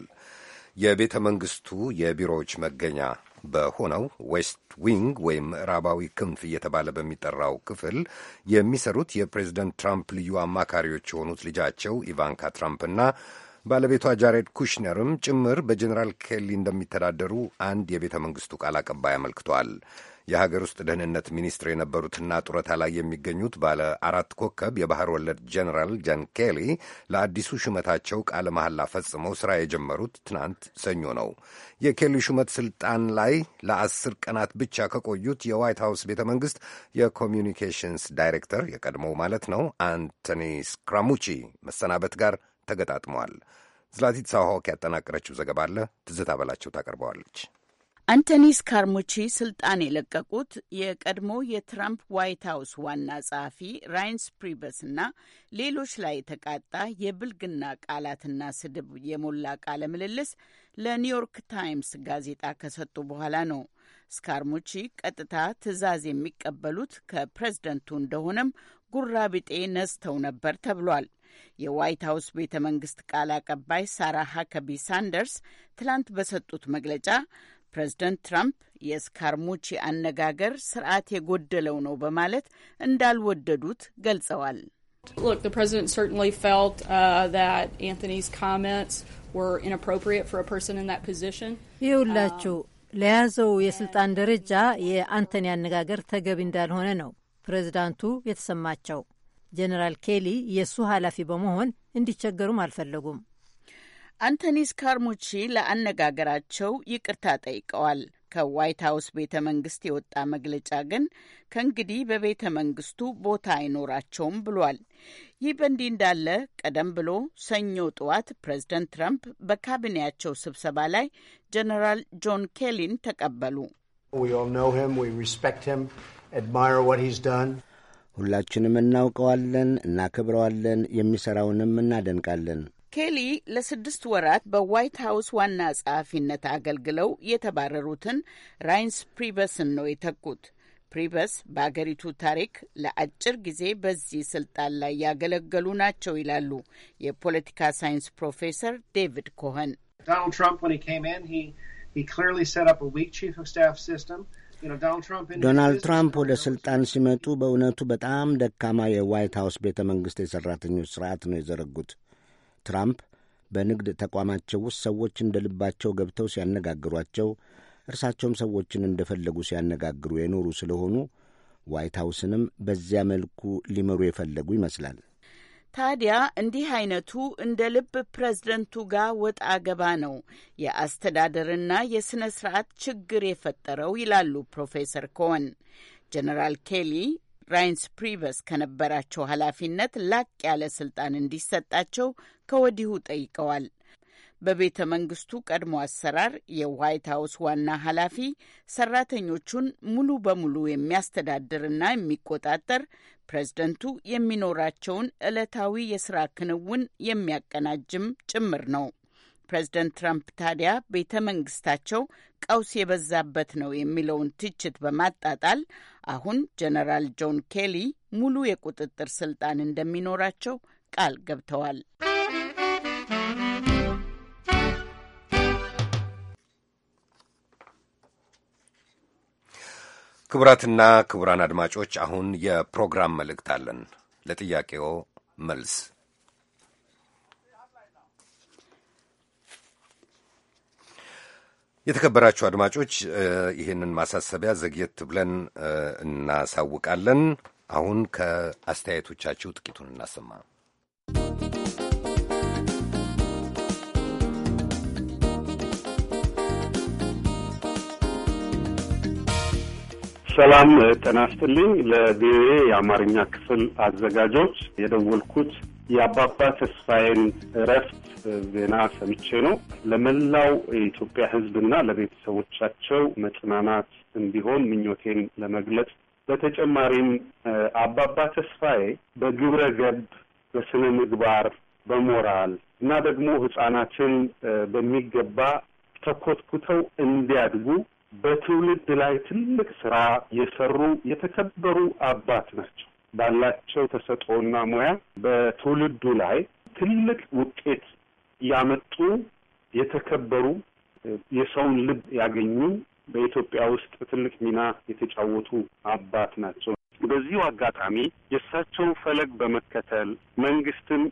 [SPEAKER 2] የቤተ መንግሥቱ የቢሮዎች መገኛ በሆነው ዌስት ዊንግ ወይም ምዕራባዊ ክንፍ እየተባለ በሚጠራው ክፍል የሚሰሩት የፕሬዝደንት ትራምፕ ልዩ አማካሪዎች የሆኑት ልጃቸው ኢቫንካ ትራምፕና ባለቤቷ ጃሬድ ኩሽነርም ጭምር በጀኔራል ኬሊ እንደሚተዳደሩ አንድ የቤተ መንግሥቱ ቃል አቀባይ አመልክቷል። የሀገር ውስጥ ደህንነት ሚኒስትር የነበሩትና ጡረታ ላይ የሚገኙት ባለ አራት ኮከብ የባህር ወለድ ጀኔራል ጃን ኬሊ ለአዲሱ ሹመታቸው ቃለ መሐላ ፈጽመው ሥራ የጀመሩት ትናንት ሰኞ ነው። የኬሊ ሹመት ስልጣን ላይ ለአስር ቀናት ብቻ ከቆዩት የዋይት ሀውስ ቤተ መንግሥት የኮሚኒኬሽንስ ዳይሬክተር የቀድሞው ማለት ነው አንቶኒ ስክራሙቺ መሰናበት ጋር ተገጣጥመዋል። ዝላቲት ሳሆክ ያጠናቀረችው ዘገባ አለ ትዝታ በላቸው ታቀርበዋለች።
[SPEAKER 11] አንቶኒ ስካርሙቺ ስልጣን የለቀቁት የቀድሞ የትራምፕ ዋይት ሀውስ ዋና ጸሐፊ ራይንስ ፕሪበስና ሌሎች ላይ የተቃጣ የብልግና ቃላትና ስድብ የሞላ ቃለ ምልልስ ለኒውዮርክ ታይምስ ጋዜጣ ከሰጡ በኋላ ነው። ስካርሙቺ ቀጥታ ትዕዛዝ የሚቀበሉት ከፕሬዝደንቱ እንደሆነም ጉራቢጤ ነስተው ነበር ተብሏል። የዋይት ሀውስ ቤተ መንግስት ቃል አቀባይ ሳራ ሀከቢ ሳንደርስ ትላንት በሰጡት መግለጫ ፕሬዚደንት ትራምፕ የስካርሙቺ አነጋገር ስርዓት የጎደለው ነው በማለት እንዳልወደዱት ገልጸዋል። Look, uh,
[SPEAKER 12] ይኸውላችሁ ለያዘው የስልጣን ደረጃ የአንቶኒ አነጋገር ተገቢ እንዳልሆነ ነው ፕሬዚዳንቱ የተሰማቸው። ጀነራል ኬሊ የእሱ ኃላፊ በመሆን እንዲቸገሩም አልፈለጉም።
[SPEAKER 11] አንቶኒ ስካርሙቺ ለአነጋገራቸው ይቅርታ ጠይቀዋል። ከዋይት ሀውስ ቤተ መንግስት የወጣ መግለጫ ግን ከእንግዲህ በቤተ መንግስቱ ቦታ አይኖራቸውም ብሏል። ይህ በእንዲህ እንዳለ ቀደም ብሎ ሰኞ ጠዋት ፕሬዝደንት ትራምፕ በካቢኔያቸው ስብሰባ ላይ ጀነራል ጆን ኬሊን ተቀበሉ።
[SPEAKER 13] ሁላችንም እናውቀዋለን፣ እናከብረዋለን፣ የሚሠራውንም እናደንቃለን።
[SPEAKER 11] ኬሊ ለስድስት ወራት በዋይት ሀውስ ዋና ጸሐፊነት አገልግለው የተባረሩትን ራይንስ ፕሪበስን ነው የተኩት። ፕሪበስ በአገሪቱ ታሪክ ለአጭር ጊዜ በዚህ ስልጣን ላይ ያገለገሉ ናቸው ይላሉ የፖለቲካ ሳይንስ ፕሮፌሰር ዴቪድ ኮኸን። ዶናልድ
[SPEAKER 13] ትራምፕ ወደ ስልጣን ሲመጡ በእውነቱ በጣም ደካማ የዋይት ሀውስ ቤተ መንግሥት የሠራተኞች ሥርዓት ነው የዘረጉት። ትራምፕ በንግድ ተቋማቸው ውስጥ ሰዎች እንደ ልባቸው ገብተው ሲያነጋግሯቸው፣ እርሳቸውም ሰዎችን እንደፈለጉ ሲያነጋግሩ የኖሩ ስለሆኑ ዋይት ሀውስንም በዚያ መልኩ ሊመሩ የፈለጉ ይመስላል።
[SPEAKER 11] ታዲያ እንዲህ አይነቱ እንደ ልብ ፕሬዝደንቱ ጋር ወጣ ገባ ነው የአስተዳደርና የሥነ ሥርዓት ችግር የፈጠረው ይላሉ ፕሮፌሰር ኮን። ጀነራል ኬሊ ራይንስ ፕሪቨስ ከነበራቸው ኃላፊነት ላቅ ያለ ስልጣን እንዲሰጣቸው ከወዲሁ ጠይቀዋል። በቤተ መንግስቱ ቀድሞ አሰራር የዋይት ሀውስ ዋና ኃላፊ ሰራተኞቹን ሙሉ በሙሉ የሚያስተዳድርና የሚቆጣጠር ፕሬዝደንቱ የሚኖራቸውን ዕለታዊ የስራ ክንውን የሚያቀናጅም ጭምር ነው። ፕሬዝደንት ትራምፕ ታዲያ ቤተ መንግስታቸው ቀውስ የበዛበት ነው የሚለውን ትችት በማጣጣል አሁን ጀነራል ጆን ኬሊ ሙሉ የቁጥጥር ስልጣን እንደሚኖራቸው ቃል ገብተዋል።
[SPEAKER 2] ክቡራትና ክቡራን አድማጮች አሁን የፕሮግራም መልእክት አለን። ለጥያቄዎ መልስ የተከበራችሁ አድማጮች ይህንን ማሳሰቢያ ዘግየት ብለን እናሳውቃለን። አሁን ከአስተያየቶቻችሁ ጥቂቱን እናሰማ።
[SPEAKER 5] ሰላም ጤና ይስጥልኝ። ለቪኦኤ የአማርኛ ክፍል አዘጋጆች የደወልኩት የአባባ ተስፋዬን እረፍት ዜና ሰምቼ ነው። ለመላው የኢትዮጵያ ሕዝብና ለቤተሰቦቻቸው መጽናናት እንዲሆን ምኞቴን ለመግለጽ በተጨማሪም አባባ ተስፋዬ በግብረ ገብ፣ በስነ ምግባር፣ በሞራል እና ደግሞ ሕጻናትን በሚገባ ተኮትኩተው እንዲያድጉ በትውልድ ላይ ትልቅ ስራ የሰሩ የተከበሩ አባት ናቸው። ባላቸው ተሰጥኦና ሙያ በትውልዱ ላይ ትልቅ ውጤት ያመጡ የተከበሩ የሰውን ልብ ያገኙ በኢትዮጵያ ውስጥ ትልቅ ሚና የተጫወቱ አባት ናቸው። በዚሁ አጋጣሚ የእሳቸውን ፈለግ በመከተል መንግስትን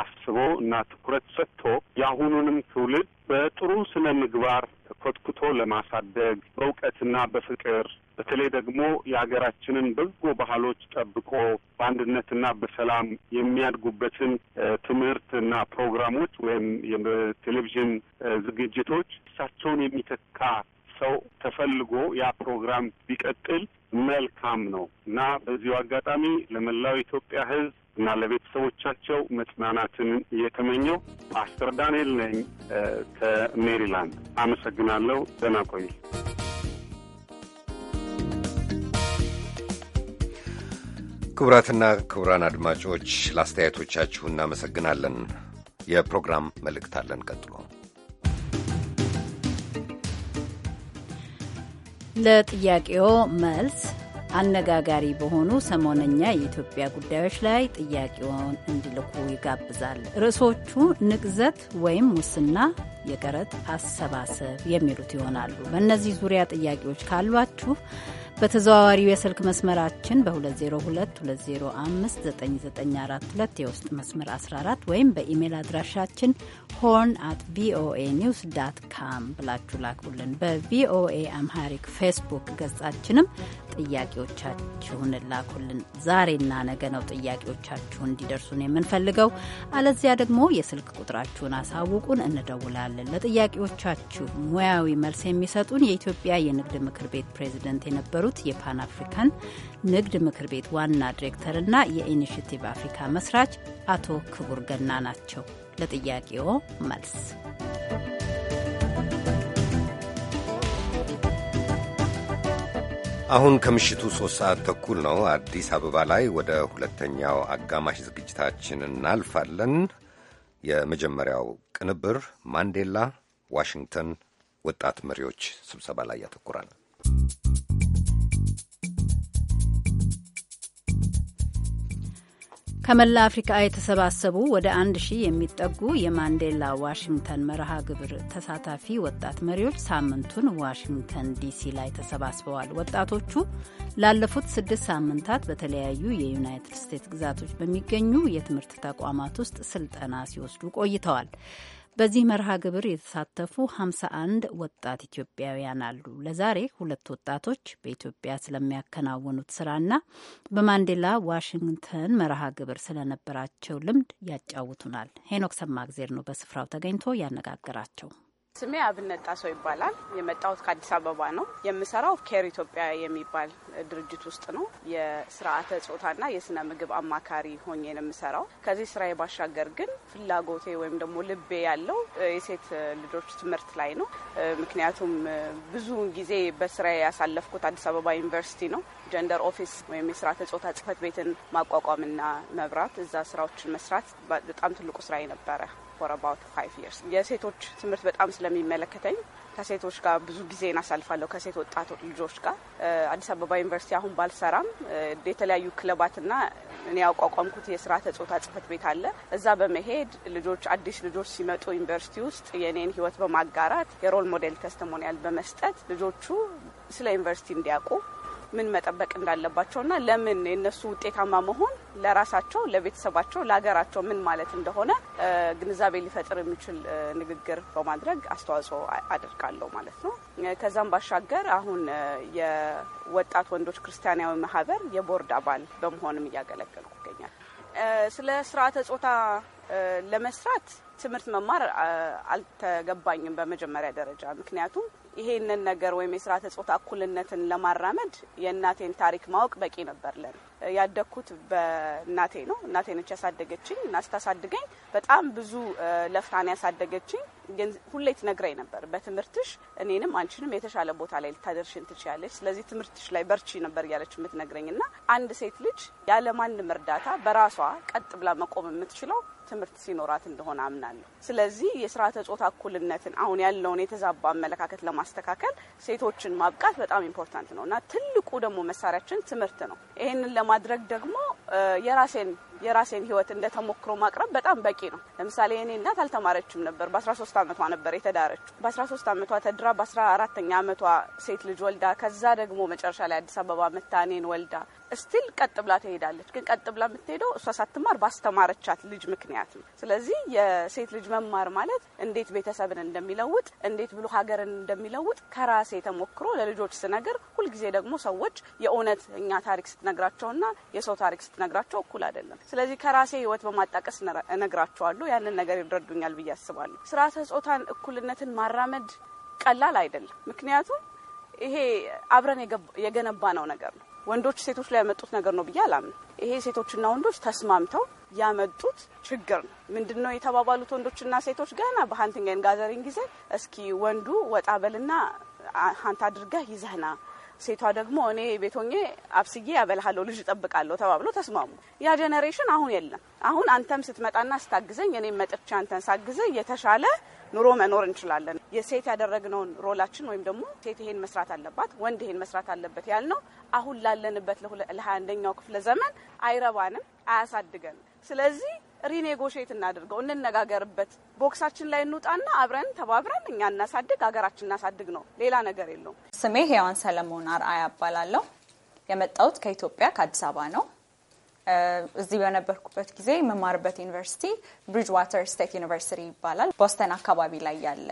[SPEAKER 5] አስቦ እና ትኩረት ሰጥቶ የአሁኑንም ትውልድ በጥሩ ስነ ምግባር ኮትኩቶ ለማሳደግ በእውቀትና በፍቅር በተለይ ደግሞ የሀገራችንን በጎ ባህሎች ጠብቆ በአንድነትና በሰላም የሚያድጉበትን ትምህርት እና ፕሮግራሞች ወይም የቴሌቪዥን ዝግጅቶች እሳቸውን የሚተካ ሰው ተፈልጎ ያ ፕሮግራም ቢቀጥል መልካም ነው እና በዚሁ አጋጣሚ ለመላው ኢትዮጵያ ሕዝብ እና ለቤተሰቦቻቸው መጽናናትን እየተመኘው አስተር ዳንኤል ነኝ ከሜሪላንድ። አመሰግናለሁ። ደህና ቆይ።
[SPEAKER 2] ክቡራትና ክቡራን አድማጮች ለአስተያየቶቻችሁ እናመሰግናለን። የፕሮግራም መልእክት አለን። ቀጥሎ
[SPEAKER 1] ለጥያቄው መልስ አነጋጋሪ በሆኑ ሰሞነኛ የኢትዮጵያ ጉዳዮች ላይ ጥያቄውን እንዲልኩ ይጋብዛል። ርዕሶቹ ንቅዘት ወይም ሙስና፣ የቀረጥ አሰባሰብ የሚሉት ይሆናሉ። በእነዚህ ዙሪያ ጥያቄዎች ካሏችሁ በተዘዋዋሪው የስልክ መስመራችን በ2022059942 የውስጥ መስመር 14 ወይም በኢሜል አድራሻችን ሆርን አት ቪኦኤ ኒውስ ዳት ካም ብላችሁ ላኩልን። በቪኦኤ አምሃሪክ ፌስቡክ ገጻችንም ጥያቄዎቻችሁን ላኩልን። ዛሬና ነገ ነው ጥያቄዎቻችሁን እንዲደርሱን የምንፈልገው። አለዚያ ደግሞ የስልክ ቁጥራችሁን አሳውቁን፣ እንደውላለን። ለጥያቄዎቻችሁ ሙያዊ መልስ የሚሰጡን የኢትዮጵያ የንግድ ምክር ቤት ፕሬዝደንት የነበሩ የነበሩት የፓን አፍሪካን ንግድ ምክር ቤት ዋና ዲሬክተርና የኢኒሽቲቭ አፍሪካ መስራች አቶ ክቡር ገና ናቸው። ለጥያቄዎ መልስ
[SPEAKER 2] አሁን ከምሽቱ ሶስት ሰዓት ተኩል ነው አዲስ አበባ ላይ። ወደ ሁለተኛው አጋማሽ ዝግጅታችን እናልፋለን። የመጀመሪያው ቅንብር ማንዴላ ዋሽንግተን ወጣት መሪዎች ስብሰባ ላይ ያተኩራል።
[SPEAKER 1] ከመላ አፍሪካ የተሰባሰቡ ወደ አንድ ሺህ የሚጠጉ የማንዴላ ዋሽንግተን መርሃ ግብር ተሳታፊ ወጣት መሪዎች ሳምንቱን ዋሽንግተን ዲሲ ላይ ተሰባስበዋል። ወጣቶቹ ላለፉት ስድስት ሳምንታት በተለያዩ የዩናይትድ ስቴትስ ግዛቶች በሚገኙ የትምህርት ተቋማት ውስጥ ስልጠና ሲወስዱ ቆይተዋል። በዚህ መርሃ ግብር የተሳተፉ 51 ወጣት ኢትዮጵያውያን አሉ። ለዛሬ ሁለት ወጣቶች በኢትዮጵያ ስለሚያከናውኑት ስራና በማንዴላ ዋሽንግተን መርሃ ግብር ስለነበራቸው ልምድ ያጫውቱናል። ሄኖክ ሰማግዜር ነው በስፍራው ተገኝቶ ያነጋገራቸው።
[SPEAKER 7] ስሜ አብነት ጣሰው ይባላል። የመጣሁት ከአዲስ አበባ ነው። የምሰራው ኬር ኢትዮጵያ የሚባል ድርጅት ውስጥ ነው። የስርዓተ ጾታና የስነ ምግብ አማካሪ ሆኜ ነው የምሰራው። ከዚህ ስራዬ ባሻገር ግን ፍላጎቴ ወይም ደግሞ ልቤ ያለው የሴት ልጆች ትምህርት ላይ ነው። ምክንያቱም ብዙውን ጊዜ በስራ ያሳለፍኩት አዲስ አበባ ዩኒቨርሲቲ ነው። ጀንደር ኦፊስ ወይም የስርዓተ ጾታ ጽህፈት ቤትን ማቋቋምና መብራት እዛ ስራዎችን መስራት በጣም ትልቁ ስራዬ ነበረ። ፎር አባውት ፋይቭ ይርስ የሴቶች ትምህርት በጣም ስለሚመለከተኝ ከሴቶች ጋር ብዙ ጊዜ እናሳልፋለሁ። ከሴት ወጣት ልጆች ጋር አዲስ አበባ ዩኒቨርሲቲ አሁን ባልሰራም የተለያዩ ክለባትና እኔ ያቋቋምኩት የስራ ጾታ ጽህፈት ቤት አለ። እዛ በመሄድ ልጆች አዲስ ልጆች ሲመጡ ዩኒቨርሲቲ ውስጥ የእኔን ህይወት በማጋራት የሮል ሞዴል ተስተሞኒያል በመስጠት ልጆቹ ስለ ዩኒቨርሲቲ እንዲያውቁ ምን መጠበቅ እንዳለባቸው እና ለምን የእነሱ ውጤታማ መሆን ለራሳቸው፣ ለቤተሰባቸው፣ ለሀገራቸው ምን ማለት እንደሆነ ግንዛቤ ሊፈጥር የሚችል ንግግር በማድረግ አስተዋጽኦ አድርጋለሁ ማለት ነው። ከዛም ባሻገር አሁን የወጣት ወንዶች ክርስቲያናዊ ማህበር የቦርድ አባል በመሆንም እያገለገልኩ ይገኛል። ስለ ስርዓተ ጾታ ለመስራት ትምህርት መማር አልተገባኝም በመጀመሪያ ደረጃ ምክንያቱም ይሄንን ነገር ወይም የስርዓተ ጾታ እኩልነትን ለማራመድ የእናቴን ታሪክ ማወቅ በቂ ነበር ለን ያደግኩት በእናቴ ነው። እናቴ ነች ያሳደገችኝ እና ስታሳድገኝ በጣም ብዙ ለፍታን ያሳደገችኝ። ግን ሁሌ ትነግረኝ ነበር በትምህርትሽ እኔንም አንቺንም የተሻለ ቦታ ላይ ልታደርሽን ትችያለች፣ ስለዚህ ትምህርትሽ ላይ በርቺ ነበር እያለች የምትነግረኝ እና አንድ ሴት ልጅ ያለማንም እርዳታ በራሷ ቀጥ ብላ መቆም የምትችለው ትምህርት ሲኖራት እንደሆነ አምናለሁ። ስለዚህ የስርዓተ ጾታ እኩልነትን አሁን ያለውን የተዛባ አመለካከት ለማስተካከል ሴቶችን ማብቃት በጣም ኢምፖርታንት ነው እና ትልቁ ደግሞ መሳሪያችን ትምህርት ነው። ይህንን ለማድረግ ደግሞ የራሴን የራሴን ህይወት እንደ ተሞክሮ ማቅረብ በጣም በቂ ነው። ለምሳሌ እኔ እናት አልተማረችም ነበር። በ13 ዓመቷ ነበር የተዳረችው። በ13 ዓመቷ ተድራ በ14ኛ ዓመቷ ሴት ልጅ ወልዳ ከዛ ደግሞ መጨረሻ ላይ አዲስ አበባ መታ እኔን ወልዳ ስቲል ቀጥ ብላ ትሄዳለች። ግን ቀጥ ብላ የምትሄደው እሷ ሳትማር ባስተማረቻት ልጅ ምክንያት ነው። ስለዚህ የሴት ልጅ መማር ማለት እንዴት ቤተሰብን እንደሚለውጥ እንዴት ብሎ ሀገርን እንደሚለውጥ ከራሴ ተሞክሮ ለልጆች ስነግር፣ ሁልጊዜ ደግሞ ሰዎች እኛ ታሪክ ስትነግራቸውና የሰው ታሪክ ስትነግራቸው እኩል አይደለም። ስለዚህ ከራሴ ህይወት በማጣቀስ እነግራቸዋለሁ። ያንን ነገር ይረዱኛል ብዬ አስባለሁ። ስርዓተ ጾታን እኩልነትን ማራመድ ቀላል አይደለም። ምክንያቱም ይሄ አብረን የገነባ ነው ነገር ነው። ወንዶች ሴቶች ላይ ያመጡት ነገር ነው ብዬ አላምን። ይሄ ሴቶችና ወንዶች ተስማምተው ያመጡት ችግር ነው። ምንድን ነው የተባባሉት? ወንዶችና ሴቶች ገና በሀንቲንግ ኤንድ ጋዘሪንግ ጊዜ እስኪ ወንዱ ወጣ በልና ሀንት አድርገህ ይዘህና ሴቷ ደግሞ እኔ ቤቶኜ አብስዬ ያበልሃለሁ ልጅ እጠብቃለሁ ተባብሎ ተስማሙ። ያ ጄኔሬሽን አሁን የለም። አሁን አንተም ስትመጣና ስታግዘኝ እኔም መጥቼ አንተን ሳግዘ የተሻለ ኑሮ መኖር እንችላለን። የሴት ያደረግነውን ሮላችን ወይም ደግሞ ሴት ይሄን መስራት አለባት፣ ወንድ ይሄን መስራት አለበት ያልነው አሁን ላለንበት ለሀያ አንደኛው ክፍለ ዘመን አይረባንም፣ አያሳድገንም። ስለዚህ ሪኔጎሽት እናድርገው፣ እንነጋገርበት፣ ቦክሳችን ላይ እንውጣና አብረን ተባብረን እኛ እናሳድግ፣ ሀገራችን እናሳድግ ነው። ሌላ ነገር የለውም።
[SPEAKER 14] ስሜ ሄዋን ሰለሞን አርአያ እባላለሁ። የመጣሁት ከኢትዮጵያ ከአዲስ አበባ ነው። እዚህ በነበርኩበት ጊዜ የመማርበት ዩኒቨርሲቲ ብሪጅ ዋተር ስቴት ዩኒቨርሲቲ ይባላል። ቦስተን አካባቢ ላይ ያለ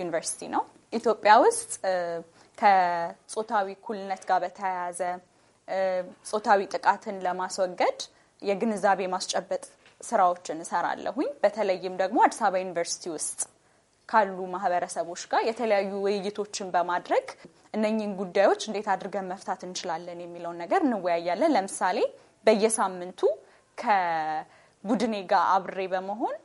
[SPEAKER 14] ዩኒቨርሲቲ ነው። ኢትዮጵያ ውስጥ ከጾታዊ እኩልነት ጋር በተያያዘ ጾታዊ ጥቃትን ለማስወገድ የግንዛቤ ማስጨበጥ ስራዎችን እሰራለሁኝ። በተለይም ደግሞ አዲስ አበባ ዩኒቨርሲቲ ውስጥ ካሉ ማህበረሰቦች ጋር የተለያዩ ውይይቶችን በማድረግ እነኚህን ጉዳዮች እንዴት አድርገን መፍታት እንችላለን የሚለውን ነገር እንወያያለን። ለምሳሌ በየሳምንቱ ከቡድኔ ጋር አብሬ በመሆን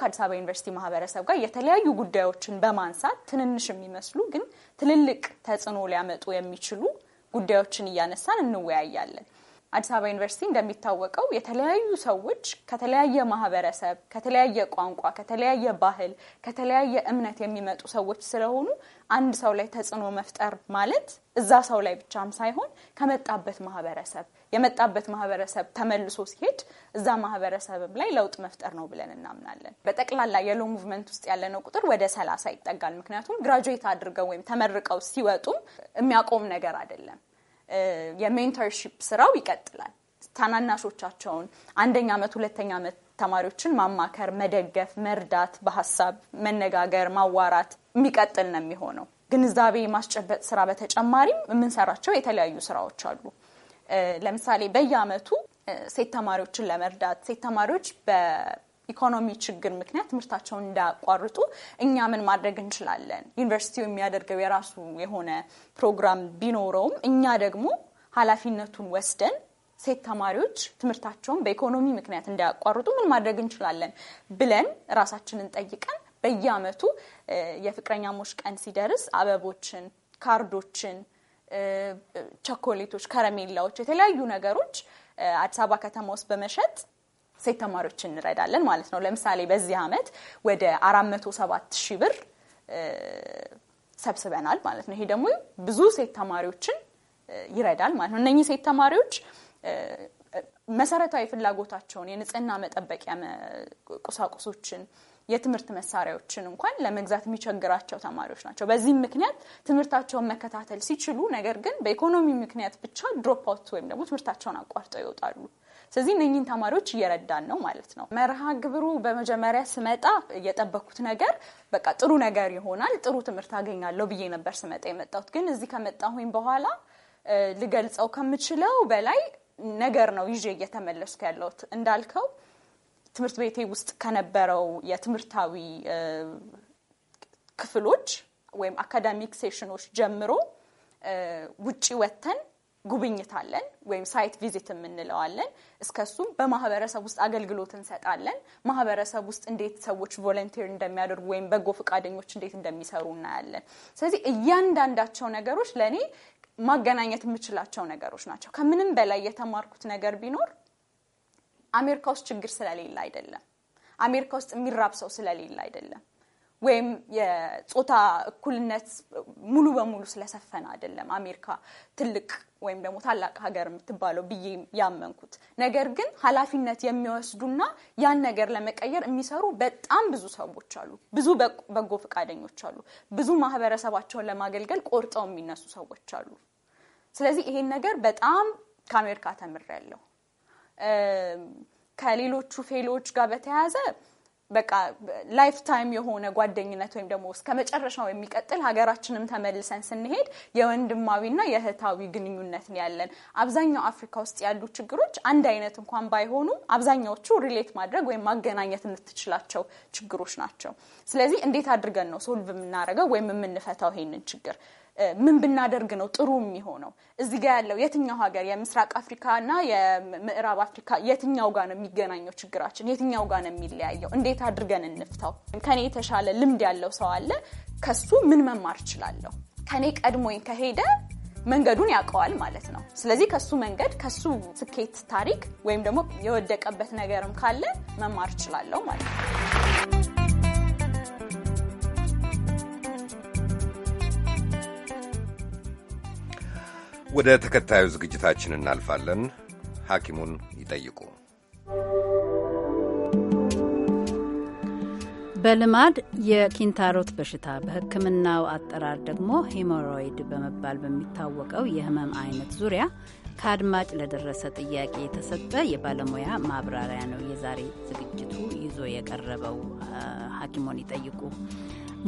[SPEAKER 14] ከአዲስ አበባ ዩኒቨርሲቲ ማህበረሰብ ጋር የተለያዩ ጉዳዮችን በማንሳት ትንንሽ የሚመስሉ ግን ትልልቅ ተጽዕኖ ሊያመጡ የሚችሉ ጉዳዮችን እያነሳን እንወያያለን። አዲስ አበባ ዩኒቨርሲቲ እንደሚታወቀው የተለያዩ ሰዎች ከተለያየ ማህበረሰብ፣ ከተለያየ ቋንቋ፣ ከተለያየ ባህል፣ ከተለያየ እምነት የሚመጡ ሰዎች ስለሆኑ አንድ ሰው ላይ ተጽዕኖ መፍጠር ማለት እዛ ሰው ላይ ብቻም ሳይሆን ከመጣበት ማህበረሰብ የመጣበት ማህበረሰብ ተመልሶ ሲሄድ እዛ ማህበረሰብም ላይ ለውጥ መፍጠር ነው ብለን እናምናለን። በጠቅላላ የሎ ሙቭመንት ውስጥ ያለነው ቁጥር ወደ ሰላሳ ይጠጋል። ምክንያቱም ግራጁዌት አድርገው ወይም ተመርቀው ሲወጡም የሚያቆም ነገር አይደለም። የሜንተርሺፕ ስራው ይቀጥላል። ታናናሾቻቸውን አንደኛ ዓመት ሁለተኛ ዓመት ተማሪዎችን ማማከር፣ መደገፍ፣ መርዳት፣ በሀሳብ መነጋገር፣ ማዋራት የሚቀጥል ነው የሚሆነው። ግንዛቤ ማስጨበጥ ስራ በተጨማሪም የምንሰራቸው የተለያዩ ስራዎች አሉ። ለምሳሌ በየአመቱ ሴት ተማሪዎችን ለመርዳት ሴት ተማሪዎች ኢኮኖሚ ችግር ምክንያት ትምህርታቸውን እንዳያቋርጡ እኛ ምን ማድረግ እንችላለን? ዩኒቨርሲቲው የሚያደርገው የራሱ የሆነ ፕሮግራም ቢኖረውም እኛ ደግሞ ኃላፊነቱን ወስደን ሴት ተማሪዎች ትምህርታቸውን በኢኮኖሚ ምክንያት እንዳያቋርጡ ምን ማድረግ እንችላለን ብለን ራሳችንን ጠይቀን የፍቅረኛ የፍቅረኛሞች ቀን ሲደርስ አበቦችን፣ ካርዶችን፣ ቸኮሌቶች፣ ከረሜላዎች፣ የተለያዩ ነገሮች አዲስ አበባ ከተማ ውስጥ በመሸጥ ሴት ተማሪዎች እንረዳለን ማለት ነው። ለምሳሌ በዚህ አመት ወደ አራት መቶ ሰባት ሺ ብር ሰብስበናል ማለት ነው። ይሄ ደግሞ ብዙ ሴት ተማሪዎችን ይረዳል ማለት ነው። እነኚህ ሴት ተማሪዎች መሰረታዊ ፍላጎታቸውን የንጽህና መጠበቂያ ቁሳቁሶችን፣ የትምህርት መሳሪያዎችን እንኳን ለመግዛት የሚቸግራቸው ተማሪዎች ናቸው። በዚህም ምክንያት ትምህርታቸውን መከታተል ሲችሉ፣ ነገር ግን በኢኮኖሚ ምክንያት ብቻ ድሮፕ አውት ወይም ደግሞ ትምህርታቸውን አቋርጠው ይወጣሉ። ስለዚህ እነኝን ተማሪዎች እየረዳን ነው ማለት ነው። መርሃ ግብሩ በመጀመሪያ ስመጣ የጠበኩት ነገር በቃ ጥሩ ነገር ይሆናል፣ ጥሩ ትምህርት አገኛለሁ ብዬ ነበር ስመጣ የመጣሁት። ግን እዚህ ከመጣሁኝ በኋላ ልገልጸው ከምችለው በላይ ነገር ነው ይዤ እየተመለስኩ ያለሁት። እንዳልከው ትምህርት ቤቴ ውስጥ ከነበረው የትምህርታዊ ክፍሎች ወይም አካዳሚክ ሴሽኖች ጀምሮ ውጪ ወጥተን ጉብኝት አለን ወይም ሳይት ቪዚት የምንለዋለን። እስከሱም በማህበረሰብ ውስጥ አገልግሎት እንሰጣለን። ማህበረሰብ ውስጥ እንዴት ሰዎች ቮለንቲር እንደሚያደርጉ ወይም በጎ ፈቃደኞች እንዴት እንደሚሰሩ እናያለን። ስለዚህ እያንዳንዳቸው ነገሮች ለእኔ ማገናኘት የምችላቸው ነገሮች ናቸው። ከምንም በላይ የተማርኩት ነገር ቢኖር አሜሪካ ውስጥ ችግር ስለሌለ አይደለም፣ አሜሪካ ውስጥ የሚራብ ሰው ስለሌለ አይደለም ወይም የጾታ እኩልነት ሙሉ በሙሉ ስለሰፈነ አይደለም አሜሪካ ትልቅ ወይም ደግሞ ታላቅ ሀገር የምትባለው ብዬ ያመንኩት። ነገር ግን ኃላፊነት የሚወስዱና ያን ነገር ለመቀየር የሚሰሩ በጣም ብዙ ሰዎች አሉ። ብዙ በጎ ፈቃደኞች አሉ። ብዙ ማህበረሰባቸውን ለማገልገል ቆርጠው የሚነሱ ሰዎች አሉ። ስለዚህ ይሄን ነገር በጣም ከአሜሪካ ተምሬያለሁ። ከሌሎቹ ፌሎች ጋር በተያያዘ በቃ ላይፍ ታይም የሆነ ጓደኝነት ወይም ደግሞ እስከ መጨረሻው የሚቀጥል ሀገራችንም ተመልሰን ስንሄድ የወንድማዊና የእህታዊ ግንኙነት ያለን። አብዛኛው አፍሪካ ውስጥ ያሉ ችግሮች አንድ አይነት እንኳን ባይሆኑ አብዛኛዎቹ ሪሌት ማድረግ ወይም ማገናኘት የምትችላቸው ችግሮች ናቸው። ስለዚህ እንዴት አድርገን ነው ሶልቭ የምናደርገው ወይም የምንፈታው ይሄንን ችግር ምን ብናደርግ ነው ጥሩ የሚሆነው? እዚህ ጋ ያለው የትኛው ሀገር የምስራቅ አፍሪካና የምዕራብ አፍሪካ የትኛው ጋ ነው የሚገናኘው? ችግራችን የትኛው ጋ ነው የሚለያየው? እንዴት አድርገን እንፍታው? ከኔ የተሻለ ልምድ ያለው ሰው አለ፣ ከሱ ምን መማር እችላለሁ? ከኔ ቀድሞኝ ከሄደ መንገዱን ያውቀዋል ማለት ነው። ስለዚህ ከሱ መንገድ ከሱ ስኬት ታሪክ ወይም ደግሞ የወደቀበት ነገርም ካለ መማር እችላለሁ ማለት ነው።
[SPEAKER 2] ወደ ተከታዩ ዝግጅታችን እናልፋለን። ሐኪሙን ይጠይቁ
[SPEAKER 1] በልማድ የኪንታሮት በሽታ በሕክምናው አጠራር ደግሞ ሄሞሮይድ በመባል በሚታወቀው የህመም አይነት ዙሪያ ከአድማጭ ለደረሰ ጥያቄ የተሰጠ የባለሙያ ማብራሪያ ነው የዛሬ ዝግጅቱ ይዞ የቀረበው ሐኪሞን ይጠይቁ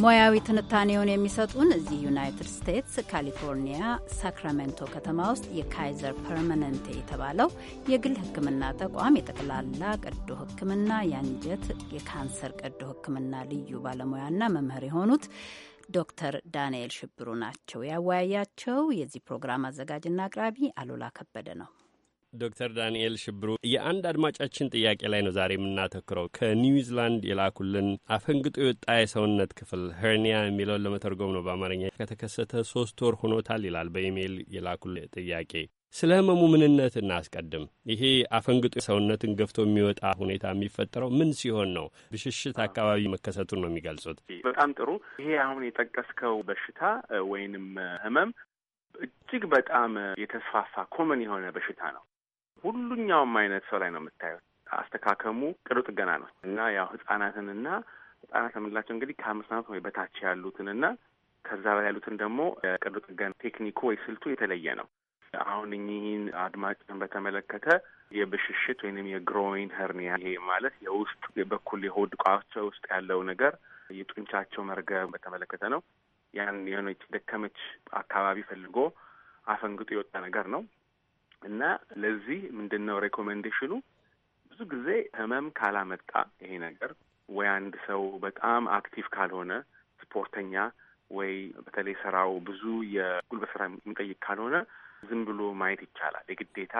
[SPEAKER 1] ሙያዊ ትንታኔውን የሚሰጡን እዚህ ዩናይትድ ስቴትስ ካሊፎርኒያ ሳክራሜንቶ ከተማ ውስጥ የካይዘር ፐርማነንቴ የተባለው የግል ሕክምና ተቋም የጠቅላላ ቀዶ ሕክምና የአንጀት የካንሰር ቀዶ ሕክምና ልዩ ባለሙያና መምህር የሆኑት ዶክተር ዳንኤል ሽብሩ ናቸው። ያወያያቸው የዚህ ፕሮግራም አዘጋጅና አቅራቢ አሉላ ከበደ ነው።
[SPEAKER 9] ዶክተር ዳንኤል ሽብሩ የአንድ አድማጫችን ጥያቄ ላይ ነው ዛሬ የምናተኩረው። ከኒውዚላንድ የላኩልን አፈንግጦ የወጣ የሰውነት ክፍል ሄርኒያ የሚለውን ለመተርጎም ነው በአማርኛ። ከተከሰተ ሶስት ወር ሆኖታል ይላል በኢሜይል የላኩል ጥያቄ። ስለ ህመሙ ምንነት እናስቀድም። ይሄ አፈንግጦ ሰውነትን ገፍቶ የሚወጣ ሁኔታ የሚፈጠረው ምን ሲሆን ነው? ብሽሽት አካባቢ መከሰቱን ነው የሚገልጹት።
[SPEAKER 15] በጣም ጥሩ። ይሄ አሁን የጠቀስከው በሽታ ወይንም ህመም እጅግ በጣም የተስፋፋ ኮመን የሆነ በሽታ ነው። ሁሉኛውም አይነት ሰው ላይ ነው የምታየው። አስተካከሙ ቅዱ ጥገና ነው እና ያው ህጻናትንና ህጻናት የምንላቸው እንግዲህ ከአምስት ዓመት ወይ በታች ያሉትንና ከዛ በላይ ያሉትን ደግሞ ቅዱ ጥገና ቴክኒኩ ወይ ስልቱ የተለየ ነው። አሁን እኚህን አድማጭን በተመለከተ የብሽሽት ወይንም የግሮይን ሄርኒያ ይሄ ማለት የውስጥ በኩል የሆድ ዕቃቸው ውስጥ ያለው ነገር የጡንቻቸው መርገብ በተመለከተ ነው። ያን የሆነች ደከመች አካባቢ ፈልጎ አፈንግጦ የወጣ ነገር ነው። እና ለዚህ ምንድን ነው ሬኮሜንዴሽኑ ብዙ ጊዜ ህመም ካላመጣ ይሄ ነገር ወይ አንድ ሰው በጣም አክቲቭ ካልሆነ ስፖርተኛ ወይ በተለይ ስራው ብዙ የጉልበት ስራ የሚጠይቅ ካልሆነ ዝም ብሎ ማየት ይቻላል። የግዴታ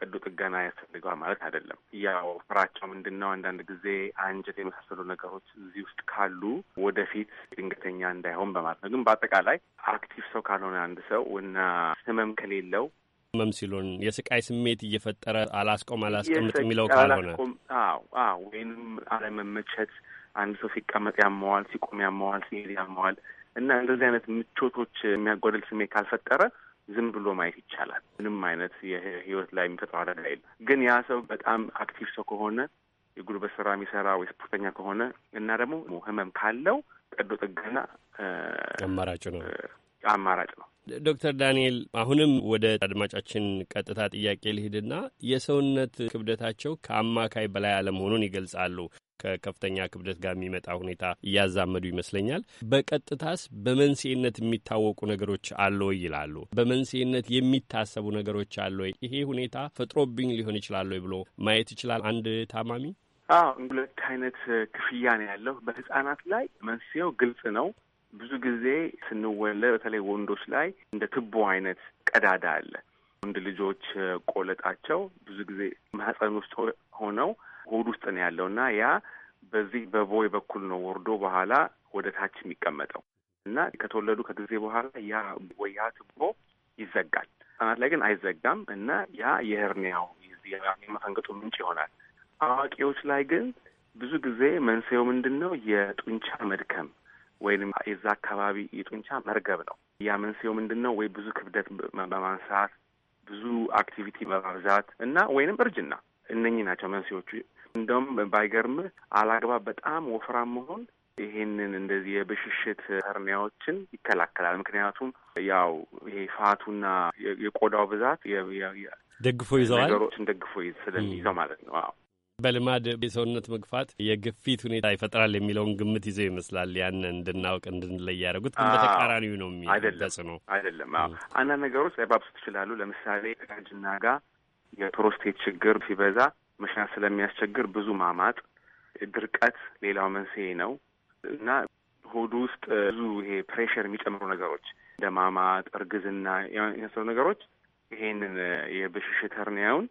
[SPEAKER 15] ቀዶ ጥገና ያስፈልገዋል ማለት አይደለም። ያው ፍራቸው ምንድን ነው አንዳንድ ጊዜ አንጀት የመሳሰሉ ነገሮች እዚህ ውስጥ ካሉ ወደፊት ድንገተኛ እንዳይሆን በማለት ነው። ግን በአጠቃላይ አክቲቭ ሰው ካልሆነ አንድ ሰው እና ህመም ከሌለው
[SPEAKER 9] ሲሉን የስቃይ ስሜት እየፈጠረ አላስቆም አላስቀምጥ የሚለው ካልሆነ
[SPEAKER 15] ወይንም አለመመቸት፣ አንድ ሰው ሲቀመጥ ያመዋል፣ ሲቆም ያመዋል፣ ሲሄድ ያመዋል እና እንደዚህ አይነት ምቾቶች የሚያጓደል ስሜት ካልፈጠረ ዝም ብሎ ማየት ይቻላል። ምንም አይነት የህይወት ላይ የሚፈጥረው አደጋ የለም። ግን ያ ሰው በጣም አክቲቭ ሰው ከሆነ የጉልበት ስራ የሚሰራ ወይ ስፖርተኛ ከሆነ እና ደግሞ ህመም ካለው ቀዶ ጥገና
[SPEAKER 9] አማራጭ ነው አማራጭ ነው። ዶክተር ዳንኤል አሁንም ወደ አድማጫችን ቀጥታ ጥያቄ ልሂድና የሰውነት ክብደታቸው ከአማካይ በላይ አለመሆኑን ይገልጻሉ። ከከፍተኛ ክብደት ጋር የሚመጣ ሁኔታ እያዛመዱ ይመስለኛል። በቀጥታስ በመንስኤነት የሚታወቁ ነገሮች አሉ ይላሉ። በመንስኤነት የሚታሰቡ ነገሮች አሉ። ይሄ ሁኔታ ፈጥሮብኝ ሊሆን ይችላል ብሎ ማየት ይችላል አንድ ታማሚ?
[SPEAKER 15] አዎ ሁለት አይነት ክፍያ ነው ያለው። በህጻናት ላይ መንስኤው ግልጽ ነው። ብዙ ጊዜ ስንወለድ በተለይ ወንዶች ላይ እንደ ትቦ አይነት ቀዳዳ አለ። ወንድ ልጆች ቆለጣቸው ብዙ ጊዜ ማህፀን ውስጥ ሆነው ሆድ ውስጥ ነው ያለው እና ያ በዚህ በቦይ በኩል ነው ወርዶ በኋላ ወደ ታች የሚቀመጠው እና ከተወለዱ ከጊዜ በኋላ ያ ወያ ትቦ ይዘጋል። ህጻናት ላይ ግን አይዘጋም እና ያ የህርኒያው የመፈንገጡ ምንጭ ይሆናል። አዋቂዎች ላይ ግን ብዙ ጊዜ መንስኤው ምንድን ነው? የጡንቻ መድከም ወይም የዛ አካባቢ የጡንቻ መርገብ ነው። ያ መንስኤው ምንድን ነው? ወይ ብዙ ክብደት በማንሳት ብዙ አክቲቪቲ በማብዛት እና ወይንም እርጅና፣ እነኚህ ናቸው መንስኤዎቹ። እንደውም ባይገርም አላግባብ በጣም ወፍራም መሆን ይሄንን እንደዚህ የብሽሽት ህርኒያዎችን ይከላከላል። ምክንያቱም ያው ይሄ ፋቱና የቆዳው ብዛት
[SPEAKER 9] ደግፎ ይዘዋል፣ ነገሮችን
[SPEAKER 15] ደግፎ ስለሚይዘው ማለት ነው። አዎ
[SPEAKER 9] በልማድ የሰውነት መግፋት የግፊት ሁኔታ ይፈጥራል የሚለውን ግምት ይዘው ይመስላል ያን እንድናውቅ እንድንለይ ያደረጉት። ግን በተቃራኒው ነው የሚ አይደለም። ነው አይደለም።
[SPEAKER 15] አንዳንድ ነገሮች ሊያባብሱ ትችላሉ። ለምሳሌ ከእርጅና ጋር የፕሮስቴት ችግር ሲበዛ መሽናት ስለሚያስቸግር ብዙ ማማጥ፣ ድርቀት ሌላው መንስኤ ነው እና ሆዱ ውስጥ ብዙ ይሄ ፕሬሽር የሚጨምሩ ነገሮች እንደ ማማጥ፣ እርግዝና የመሰሉ ነገሮች ይሄንን የብሽሽት ሄርኒያውን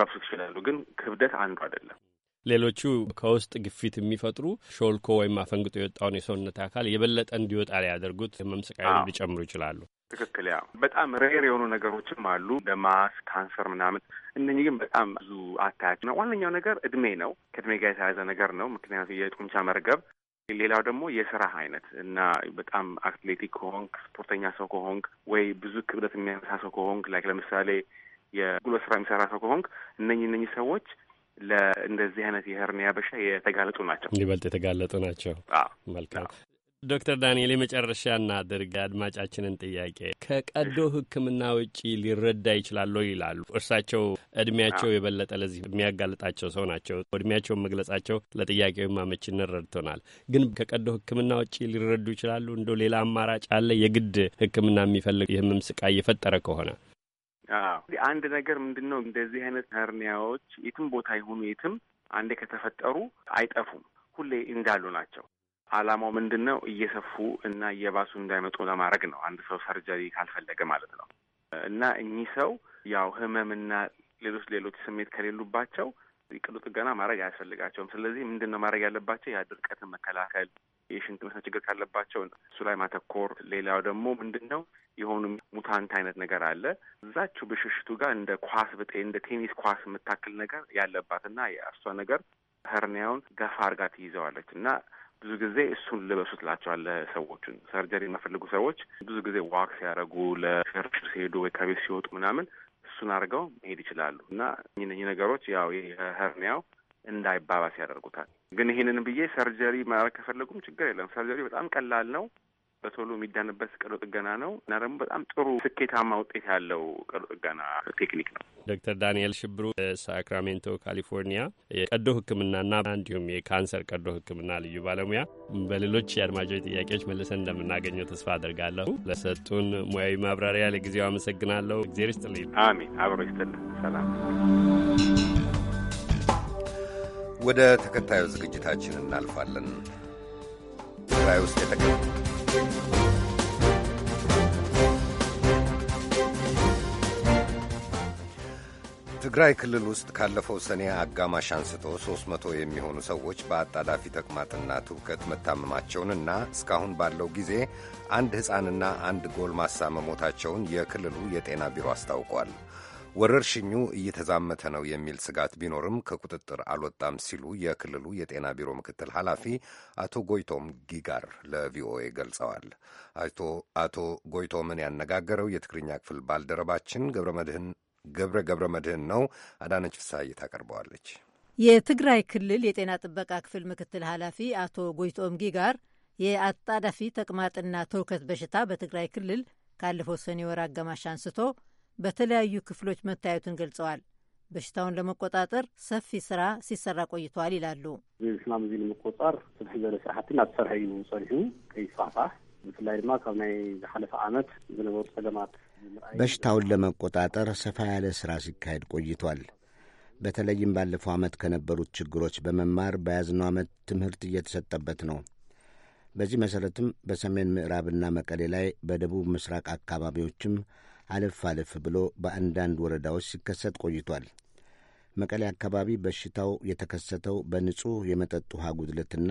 [SPEAKER 15] መብሶ ይችላሉ። ግን ክብደት አንዱ አይደለም።
[SPEAKER 9] ሌሎቹ ከውስጥ ግፊት የሚፈጥሩ ሾልኮ ወይም አፈንግጦ የወጣውን የሰውነት አካል የበለጠ እንዲወጣ ሊያደርጉት ህመም ስቃዩን ሊጨምሩ ይችላሉ።
[SPEAKER 15] ትክክል። ያ በጣም ሬር የሆኑ ነገሮችም አሉ ደማስ ካንሰር ምናምን እነኚህ ግን በጣም ብዙ አታያች ነው። ዋነኛው ነገር እድሜ ነው። ከእድሜ ጋር የተያዘ ነገር ነው። ምክንያቱ የጡንቻ መርገብ፣ ሌላው ደግሞ የስራ አይነት እና በጣም አትሌቲክ ከሆንክ ስፖርተኛ ሰው ከሆንክ ወይ ብዙ ክብደት የሚያነሳ ሰው ከሆንክ ላይ ለምሳሌ የጉልበት ስራ የሚሰራ ሰው ከሆንክ እነኝ እነኝ ሰዎች ለእንደዚህ አይነት የህርኒያ በሻ የተጋለጡ ናቸው፣
[SPEAKER 9] ይበልጥ የተጋለጡ ናቸው። መልካም ዶክተር ዳንኤል የመጨረሻ እናድርግ አድማጫችንን ጥያቄ ከቀዶ ሕክምና ውጪ ሊረዳ ይችላሉ ይላሉ። እርሳቸው እድሜያቸው የበለጠ ለዚህ የሚያጋልጣቸው ሰው ናቸው። እድሜያቸውን መግለጻቸው ለጥያቄው ማመችነት ረድቶናል። ግን ከቀዶ ሕክምና ውጪ ሊረዱ ይችላሉ? እንደ ሌላ አማራጭ አለ? የግድ ሕክምና የሚፈልግ የህመም ስቃይ የፈጠረ ከሆነ
[SPEAKER 15] አንድ ነገር ምንድን ነው እንደዚህ አይነት ሀርኒያዎች የትም ቦታ ይሁኑ የትም አንዴ ከተፈጠሩ አይጠፉም፣ ሁሌ እንዳሉ ናቸው። አላማው ምንድን ነው? እየሰፉ እና እየባሱ እንዳይመጡ ለማድረግ ነው። አንድ ሰው ሰርጀሪ ካልፈለገ ማለት ነው። እና እኚህ ሰው ያው ህመምና ሌሎች ሌሎች ስሜት ከሌሉባቸው ቀዶ ጥገና ማድረግ አያስፈልጋቸውም። ስለዚህ ምንድን ነው ማድረግ ያለባቸው? ያ ድርቀትን መከላከል የሽንት መስመር ችግር ካለባቸው እሱ ላይ ማተኮር። ሌላው ደግሞ ምንድን ነው የሆኑ ሙታንት አይነት ነገር አለ እዛችው ብሽሽቱ ጋር እንደ ኳስ ብጤ እንደ ቴኒስ ኳስ የምታክል ነገር ያለባት ያለባትና የእሷ ነገር ሄርኒያውን ገፋ አርጋ ትይዘዋለች እና ብዙ ጊዜ እሱን ልበሱ ትላቸዋለ ሰዎቹን። ሰርጀሪ የማፈልጉ ሰዎች ብዙ ጊዜ ዋክ ሲያደርጉ ለሽርሽር ሲሄዱ ወይ ከቤት ሲወጡ ምናምን እሱን አድርገው መሄድ ይችላሉ እና እኚህ ነገሮች ያው ይህ እንዳይባባስ ያደርጉታል። ግን ይህንን ብዬ ሰርጀሪ ማድረግ ከፈለጉም ችግር የለም። ሰርጀሪ በጣም ቀላል ነው። በቶሎ የሚዳንበት ቀዶ ጥገና ነው እና ደግሞ በጣም ጥሩ ስኬታማ ውጤት ያለው ቀዶ ጥገና
[SPEAKER 9] ቴክኒክ ነው። ዶክተር ዳንኤል ሽብሩ ሳክራሜንቶ ካሊፎርኒያ የቀዶ ሕክምናና እንዲሁም የካንሰር ቀዶ ሕክምና ልዩ ባለሙያ፣ በሌሎች የአድማጮች ጥያቄዎች መልሰን እንደምናገኘው ተስፋ አድርጋለሁ። ለሰጡን ሙያዊ ማብራሪያ ለጊዜው አመሰግናለሁ። እግዜር ይስጥልኝ። አሜን። አብሮ ይስጥልን። ሰላም ወደ ተከታዩ ዝግጅታችን
[SPEAKER 2] እናልፋለን። ትግራይ ውስጥ የተገ ትግራይ ክልል ውስጥ ካለፈው ሰኔ አጋማሽ አንስቶ 300 የሚሆኑ ሰዎች በአጣዳፊ ተቅማጥና ትውከት መታመማቸውንና እስካሁን ባለው ጊዜ አንድ ሕፃንና አንድ ጎልማሳ መሞታቸውን የክልሉ የጤና ቢሮ አስታውቋል። ወረርሽኙ እየተዛመተ ነው የሚል ስጋት ቢኖርም ከቁጥጥር አልወጣም ሲሉ የክልሉ የጤና ቢሮ ምክትል ኃላፊ አቶ ጎይቶም ጊጋር ለቪኦኤ ገልጸዋል። አቶ ጎይቶምን ያነጋገረው የትግርኛ ክፍል ባልደረባችን ገብረ ገብረ መድህን ነው። አዳነች ፍሳይ ታቀርበዋለች።
[SPEAKER 12] የትግራይ ክልል የጤና ጥበቃ ክፍል ምክትል ኃላፊ አቶ ጎይቶም ጊጋር የአጣዳፊ ተቅማጥና ትውከት በሽታ በትግራይ ክልል ካለፈው ሰኔ ወር አጋማሽ አንስቶ በተለያዩ ክፍሎች መታየቱን ገልጸዋል። በሽታውን ለመቆጣጠር ሰፊ ስራ ሲሰራ ቆይተዋል ይላሉ።
[SPEAKER 5] እዚ ሕማም እዚ ንምቆፃር ስብሒ ዘለ ስራሕቲ ናተሰርሐ እዩ ፀኒሑ ከይስፋሕፋሕ ብፍላይ ድማ ካብ ናይ ዝሓለፈ ዓመት ዝነበሩ ፀገማት
[SPEAKER 13] በሽታውን ለመቆጣጠር ሰፋ ያለ ስራ ሲካሄድ ቆይቷል። በተለይም ባለፈው ዓመት ከነበሩት ችግሮች በመማር በያዝነው ዓመት ትምህርት እየተሰጠበት ነው። በዚህ መሰረትም በሰሜን ምዕራብና መቀሌ ላይ በደቡብ ምስራቅ አካባቢዎችም አለፍ አለፍ ብሎ በአንዳንድ ወረዳዎች ሲከሰት ቆይቷል። መቀሌ አካባቢ በሽታው የተከሰተው በንጹሕ የመጠጥ ውሃ ጉድለትና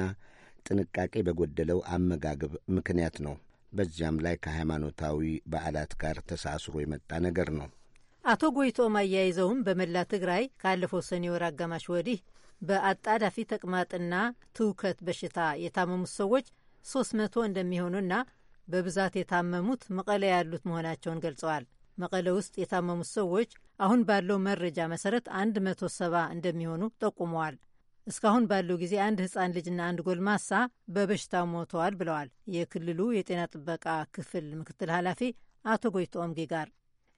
[SPEAKER 13] ጥንቃቄ በጎደለው አመጋገብ ምክንያት ነው። በዚያም ላይ ከሃይማኖታዊ በዓላት ጋር ተሳስሮ የመጣ ነገር ነው።
[SPEAKER 12] አቶ ጎይቶም አያይዘውም በመላ ትግራይ ካለፈው ሰኔ ወር አጋማሽ ወዲህ በአጣዳፊ ተቅማጥና ትውከት በሽታ የታመሙት ሰዎች ሶስት መቶ እንደሚሆኑና በብዛት የታመሙት መቀለ ያሉት መሆናቸውን ገልጸዋል። መቀለ ውስጥ የታመሙት ሰዎች አሁን ባለው መረጃ መሰረት ሰባ እንደሚሆኑ ጠቁመዋል። እስካሁን ባለው ጊዜ አንድ ህፃን ልጅና አንድ ጎልማሳ በበሽታው ሞተዋል ብለዋል የክልሉ የጤና ጥበቃ ክፍል ምክትል ኃላፊ አቶ ጎይቶ ኦምጊ ጋር።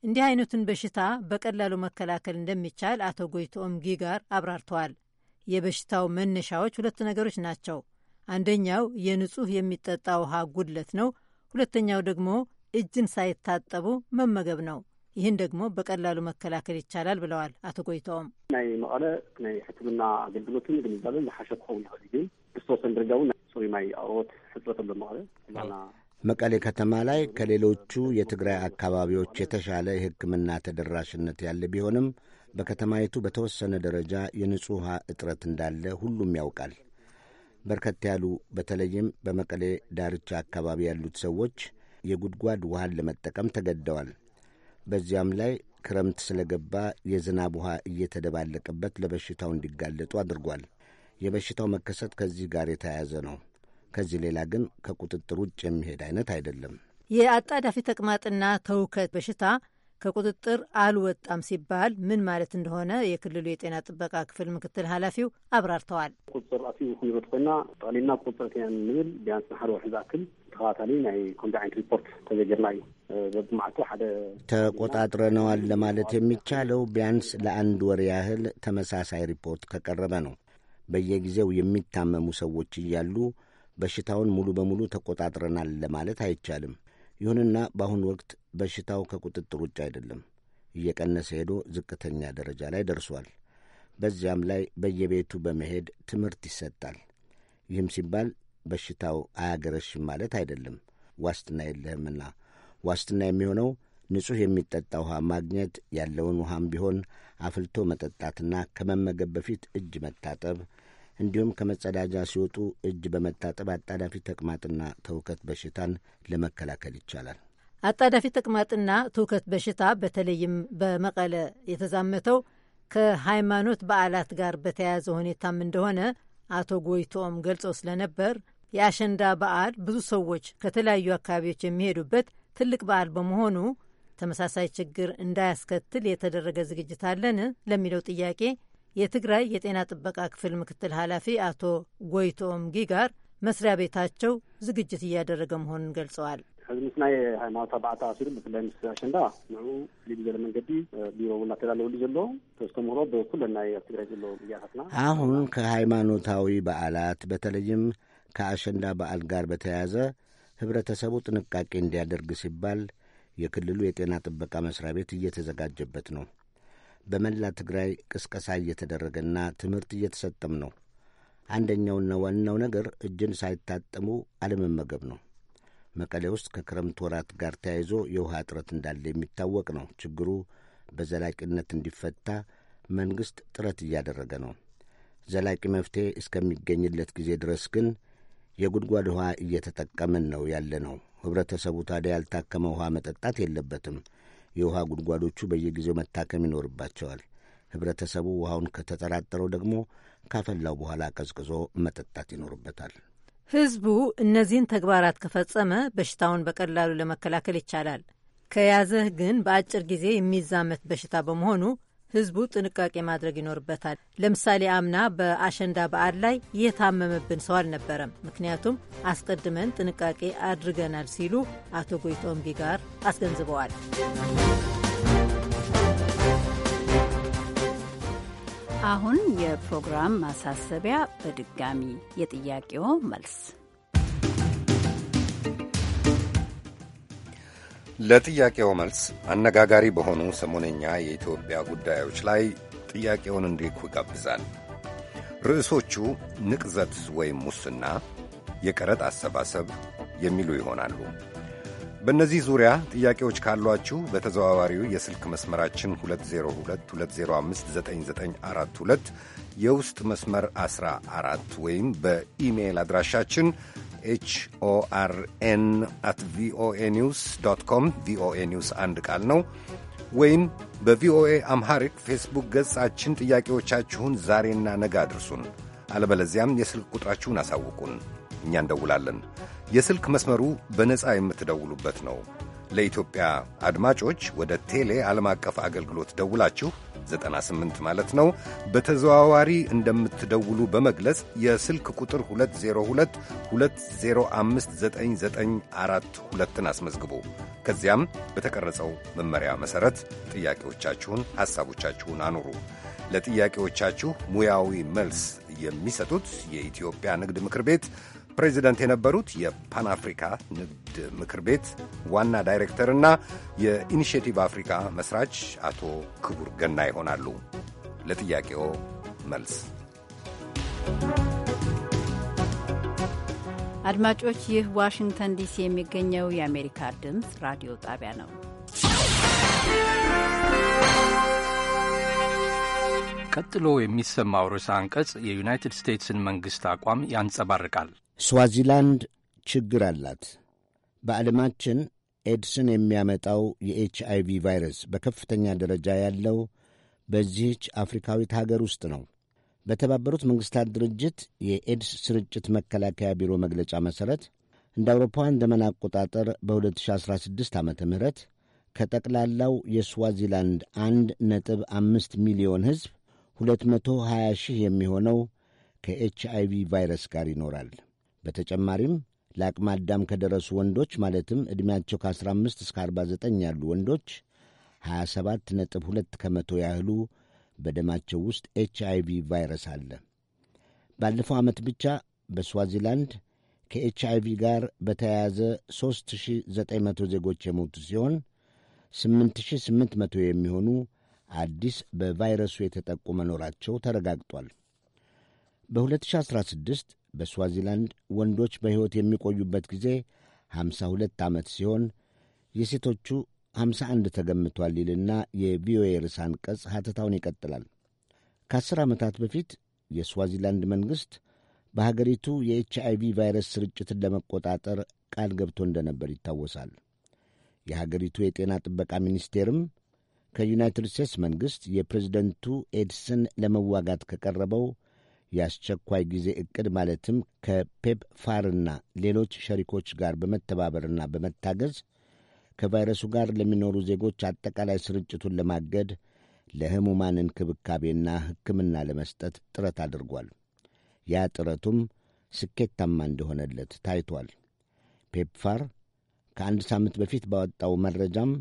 [SPEAKER 12] እንዲህ አይነቱን በሽታ በቀላሉ መከላከል እንደሚቻል አቶ ጎይቶ ኦምጊ ጋር አብራርተዋል። የበሽታው መነሻዎች ሁለት ነገሮች ናቸው። አንደኛው የንጹህ የሚጠጣ ውሃ ጉድለት ነው። ሁለተኛው ደግሞ እጅን ሳይታጠቡ መመገብ ነው። ይህን ደግሞ በቀላሉ መከላከል ይቻላል ብለዋል አቶ ጎይቶኦም።
[SPEAKER 5] ናይ መቐለ ናይ ሕክምና አገልግሎትን ግንዛቤን ዝሓሸ ክኸውን ይኽእል እዩ ብዝተወሰን ደረጃ እውን ሶሪ ማይ አቅርቦት ሕፅበት ኣሎ መቐለ
[SPEAKER 13] መቀሌ ከተማ ላይ ከሌሎቹ የትግራይ አካባቢዎች የተሻለ የሕክምና ተደራሽነት ያለ ቢሆንም በከተማይቱ በተወሰነ ደረጃ የንጹሕ ውሃ እጥረት እንዳለ ሁሉም ያውቃል። በርከት ያሉ በተለይም በመቀሌ ዳርቻ አካባቢ ያሉት ሰዎች የጉድጓድ ውሃን ለመጠቀም ተገደዋል። በዚያም ላይ ክረምት ስለገባ የዝናብ ውሃ እየተደባለቀበት ለበሽታው እንዲጋለጡ አድርጓል። የበሽታው መከሰት ከዚህ ጋር የተያያዘ ነው። ከዚህ ሌላ ግን ከቁጥጥር ውጭ የሚሄድ አይነት አይደለም።
[SPEAKER 12] የአጣዳፊ ተቅማጥና ተውከት በሽታ ከቁጥጥር አልወጣም ሲባል ምን ማለት እንደሆነ የክልሉ የጤና ጥበቃ ክፍል ምክትል ኃላፊው አብራርተዋል።
[SPEAKER 5] ቁጥጥር ኣትዩ ክይበት ኮይና ጠቅሊልና ቁፅር ቴና ንብል ቢያንስ ንሓደ ወርሒ ዝኣክል ተኸታታሊ ናይ ከምዚ ዓይነት ሪፖርት ተዘጊርና እዩ በብማዓልቱ ሓደ
[SPEAKER 13] ተቆጣጥረነዋል ለማለት የሚቻለው ቢያንስ ለአንድ ወር ያህል ተመሳሳይ ሪፖርት ከቀረበ ነው። በየጊዜው የሚታመሙ ሰዎች እያሉ በሽታውን ሙሉ በሙሉ ተቆጣጥረናል ለማለት አይቻልም። ይሁንና በአሁኑ ወቅት በሽታው ከቁጥጥር ውጭ አይደለም፣ እየቀነሰ ሄዶ ዝቅተኛ ደረጃ ላይ ደርሷል። በዚያም ላይ በየቤቱ በመሄድ ትምህርት ይሰጣል። ይህም ሲባል በሽታው አያገረሽም ማለት አይደለም፣ ዋስትና የለህምና። ዋስትና የሚሆነው ንጹሕ የሚጠጣ ውሃ ማግኘት፣ ያለውን ውሃም ቢሆን አፍልቶ መጠጣትና ከመመገብ በፊት እጅ መታጠብ እንዲሁም ከመጸዳጃ ሲወጡ እጅ በመታጠብ አጣዳፊ ተቅማጥና ተውከት በሽታን ለመከላከል ይቻላል።
[SPEAKER 12] አጣዳፊ ተቅማጥና ትውከት በሽታ በተለይም በመቀለ የተዛመተው ከሃይማኖት በዓላት ጋር በተያያዘ ሁኔታም እንደሆነ አቶ ጎይቶም ገልጾ ስለነበር የአሸንዳ በዓል ብዙ ሰዎች ከተለያዩ አካባቢዎች የሚሄዱበት ትልቅ በዓል በመሆኑ ተመሳሳይ ችግር እንዳያስከትል የተደረገ ዝግጅት አለን ለሚለው ጥያቄ የትግራይ የጤና ጥበቃ ክፍል ምክትል ኃላፊ አቶ ጎይቶም ጊጋር መስሪያ ቤታቸው ዝግጅት እያደረገ መሆኑን ገልጸዋል።
[SPEAKER 5] ሕዚ ምስ ናይ ሃይማኖት ኣባዕታ ኣሲሉ ብፍላይ ምስ ኣሸንዳ ንዑ ፍልይ ብዘለ መንገዲ ቢሮ እውን እናተዳለወሉ ዘሎ ተስተምህሮ ብኩለ ናይ ኣብ ትግራይ ዘሎ ግያታትና
[SPEAKER 13] አሁን ከሃይማኖታዊ በዓላት በተለይም ከኣሸንዳ በዓል ጋር በተያያዘ ህብረተሰቡ ጥንቃቄ እንዲያደርግ ሲባል የክልሉ የጤና ጥበቃ መስሪያ ቤት እየተዘጋጀበት ነው። በመላ ትግራይ ቅስቀሳ እየተደረገና ትምህርት እየተሰጠም ነው። አንደኛውና ዋናው ነገር እጅን ሳይታጠሙ አለመመገብ ነው። መቀሌ ውስጥ ከክረምት ወራት ጋር ተያይዞ የውሃ እጥረት እንዳለ የሚታወቅ ነው። ችግሩ በዘላቂነት እንዲፈታ መንግሥት ጥረት እያደረገ ነው። ዘላቂ መፍትሔ እስከሚገኝለት ጊዜ ድረስ ግን የጉድጓድ ውሃ እየተጠቀምን ነው ያለ ነው። ህብረተሰቡ ታዲያ ያልታከመ ውሃ መጠጣት የለበትም። የውሃ ጉድጓዶቹ በየጊዜው መታከም ይኖርባቸዋል። ህብረተሰቡ ውሃውን ከተጠራጠረው ደግሞ ካፈላው በኋላ ቀዝቅዞ መጠጣት ይኖርበታል።
[SPEAKER 12] ህዝቡ እነዚህን ተግባራት ከፈጸመ በሽታውን በቀላሉ ለመከላከል ይቻላል። ከያዘህ ግን በአጭር ጊዜ የሚዛመት በሽታ በመሆኑ ህዝቡ ጥንቃቄ ማድረግ ይኖርበታል። ለምሳሌ አምና በአሸንዳ በዓል ላይ የታመመብን ሰው አልነበረም፣ ምክንያቱም አስቀድመን ጥንቃቄ አድርገናል ሲሉ አቶ ጎይቶምቢ ጋር አስገንዝበዋል።
[SPEAKER 1] አሁን የፕሮግራም ማሳሰቢያ በድጋሚ የጥያቄው መልስ
[SPEAKER 2] ለጥያቄው መልስ አነጋጋሪ በሆኑ ሰሞነኛ የኢትዮጵያ ጉዳዮች ላይ ጥያቄውን እንዲልኩ ይጋብዛል። ርዕሶቹ ንቅዘት ወይም ሙስና፣ የቀረጥ አሰባሰብ የሚሉ ይሆናሉ። በእነዚህ ዙሪያ ጥያቄዎች ካሏችሁ በተዘዋዋሪው የስልክ መስመራችን 2022059942 የውስጥ መስመር 14 ወይም በኢሜይል አድራሻችን ኤችኦአርኤን አት ቪኦኤ ኒውስ ዶት ኮም ቪኦኤ ኒውስ አንድ ቃል ነው። ወይም በቪኦኤ አምሃሪክ ፌስቡክ ገጻችን ጥያቄዎቻችሁን ዛሬና ነገ አድርሱን። አለበለዚያም የስልክ ቁጥራችሁን አሳውቁን፣ እኛ እንደውላለን። የስልክ መስመሩ በነፃ የምትደውሉበት ነው። ለኢትዮጵያ አድማጮች ወደ ቴሌ ዓለም አቀፍ አገልግሎት ደውላችሁ 98 ማለት ነው በተዘዋዋሪ እንደምትደውሉ በመግለጽ የስልክ ቁጥር 202 ን አስመዝግቡ። ከዚያም በተቀረጸው መመሪያ መሠረት ጥያቄዎቻችሁን፣ ሐሳቦቻችሁን አኑሩ። ለጥያቄዎቻችሁ ሙያዊ መልስ የሚሰጡት የኢትዮጵያ ንግድ ምክር ቤት ፕሬዚደንት የነበሩት የፓን አፍሪካ ንግድ ምክር ቤት ዋና ዳይሬክተርና የኢኒሽቲቭ አፍሪካ መስራች አቶ ክቡር ገና ይሆናሉ። ለጥያቄው መልስ
[SPEAKER 1] አድማጮች፣ ይህ ዋሽንግተን ዲሲ የሚገኘው የአሜሪካ ድምፅ ራዲዮ ጣቢያ ነው።
[SPEAKER 9] ቀጥሎ የሚሰማው ርዕሰ አንቀጽ የዩናይትድ ስቴትስን መንግሥት አቋም ያንጸባርቃል።
[SPEAKER 13] ስዋዚላንድ ችግር አላት። በዓለማችን ኤድስን የሚያመጣው የኤች አይቪ ቫይረስ በከፍተኛ ደረጃ ያለው በዚህች አፍሪካዊት ሀገር ውስጥ ነው። በተባበሩት መንግሥታት ድርጅት የኤድስ ስርጭት መከላከያ ቢሮ መግለጫ መሠረት እንደ አውሮፓውያን ዘመን አቆጣጠር በ2016 ዓ ም ከጠቅላላው የስዋዚላንድ አንድ ነጥብ አምስት ሚሊዮን ሕዝብ 220 ሺህ የሚሆነው ከኤች አይቪ ቫይረስ ጋር ይኖራል። በተጨማሪም ለአቅመ አዳም ከደረሱ ወንዶች ማለትም ዕድሜያቸው ከ15 እስከ 49 ያሉ ወንዶች 27.2 ከመቶ ያህሉ በደማቸው ውስጥ ኤች አይቪ ቫይረስ አለ። ባለፈው ዓመት ብቻ በስዋዚላንድ ከኤች አይቪ ጋር በተያያዘ 3900 ዜጎች የሞቱ ሲሆን 8800 የሚሆኑ አዲስ በቫይረሱ የተጠቁ መኖራቸው ተረጋግጧል። በ2016 በስዋዚላንድ ወንዶች በሕይወት የሚቆዩበት ጊዜ 52 ዓመት ሲሆን የሴቶቹ 51 ተገምቷል ይልና የቪኦኤ ርሳን አንቀጽ ሐተታውን ይቀጥላል። ከአስር ዓመታት በፊት የስዋዚላንድ መንግሥት በሀገሪቱ የኤች አይ ቪ ቫይረስ ስርጭትን ለመቆጣጠር ቃል ገብቶ እንደነበር ይታወሳል። የሀገሪቱ የጤና ጥበቃ ሚኒስቴርም ከዩናይትድ ስቴትስ መንግሥት የፕሬዝደንቱ ኤድስን ለመዋጋት ከቀረበው የአስቸኳይ ጊዜ እቅድ ማለትም ከፔፕ ፋርና ሌሎች ሸሪኮች ጋር በመተባበርና በመታገዝ ከቫይረሱ ጋር ለሚኖሩ ዜጎች አጠቃላይ ስርጭቱን ለማገድ ለሕሙማን እንክብካቤና ሕክምና ለመስጠት ጥረት አድርጓል። ያ ጥረቱም ስኬታማ እንደሆነለት ታይቷል። ፔፕፋር ከአንድ ሳምንት በፊት ባወጣው መረጃም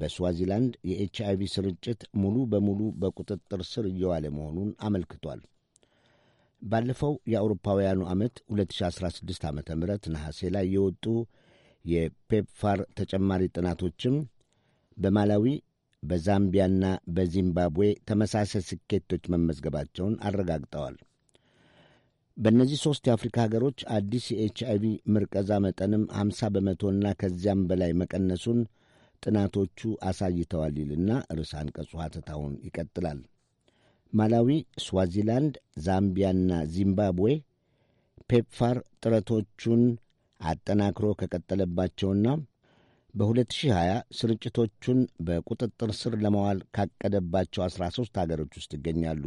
[SPEAKER 13] በስዋዚላንድ የኤች ቪ ስርጭት ሙሉ በሙሉ በቁጥጥር ስር እየዋለ መሆኑን አመልክቷል። ባለፈው የአውሮፓውያኑ ዓመት 2016 ዓ ም ነሐሴ ላይ የወጡ የፔፕፋር ተጨማሪ ጥናቶችም በማላዊ በዛምቢያና በዚምባብዌ ተመሳሳይ ስኬቶች መመዝገባቸውን አረጋግጠዋል። በእነዚህ ሦስት የአፍሪካ ሀገሮች አዲስ የኤች ቪ ምርቀዛ መጠንም 50 በመቶና ከዚያም በላይ መቀነሱን ጥናቶቹ አሳይተዋል ይልና ርዕሰ አንቀጹ ሐተታውን ይቀጥላል። ማላዊ፣ ስዋዚላንድ፣ ዛምቢያና ዚምባብዌ ፔፕፋር ጥረቶቹን አጠናክሮ ከቀጠለባቸውና በ2020 ስርጭቶቹን በቁጥጥር ስር ለማዋል ካቀደባቸው 13 ሀገሮች ውስጥ ይገኛሉ።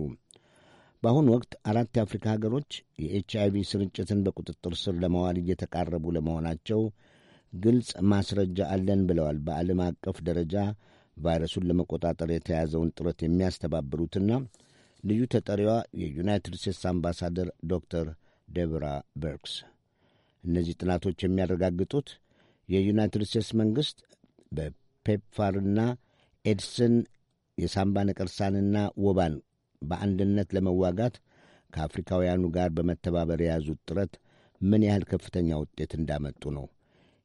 [SPEAKER 13] በአሁኑ ወቅት አራት የአፍሪካ ሀገሮች የኤች አይ ቪ ስርጭትን በቁጥጥር ስር ለማዋል እየተቃረቡ ለመሆናቸው ግልጽ ማስረጃ አለን ብለዋል። በዓለም አቀፍ ደረጃ ቫይረሱን ለመቆጣጠር የተያዘውን ጥረት የሚያስተባብሩትና ልዩ ተጠሪዋ የዩናይትድ ስቴትስ አምባሳደር ዶክተር ዴቦራ በርክስ። እነዚህ ጥናቶች የሚያረጋግጡት የዩናይትድ ስቴትስ መንግሥት በፔፕፋርና ኤድስን የሳምባ ነቀርሳንና ወባን በአንድነት ለመዋጋት ከአፍሪካውያኑ ጋር በመተባበር የያዙት ጥረት ምን ያህል ከፍተኛ ውጤት እንዳመጡ ነው።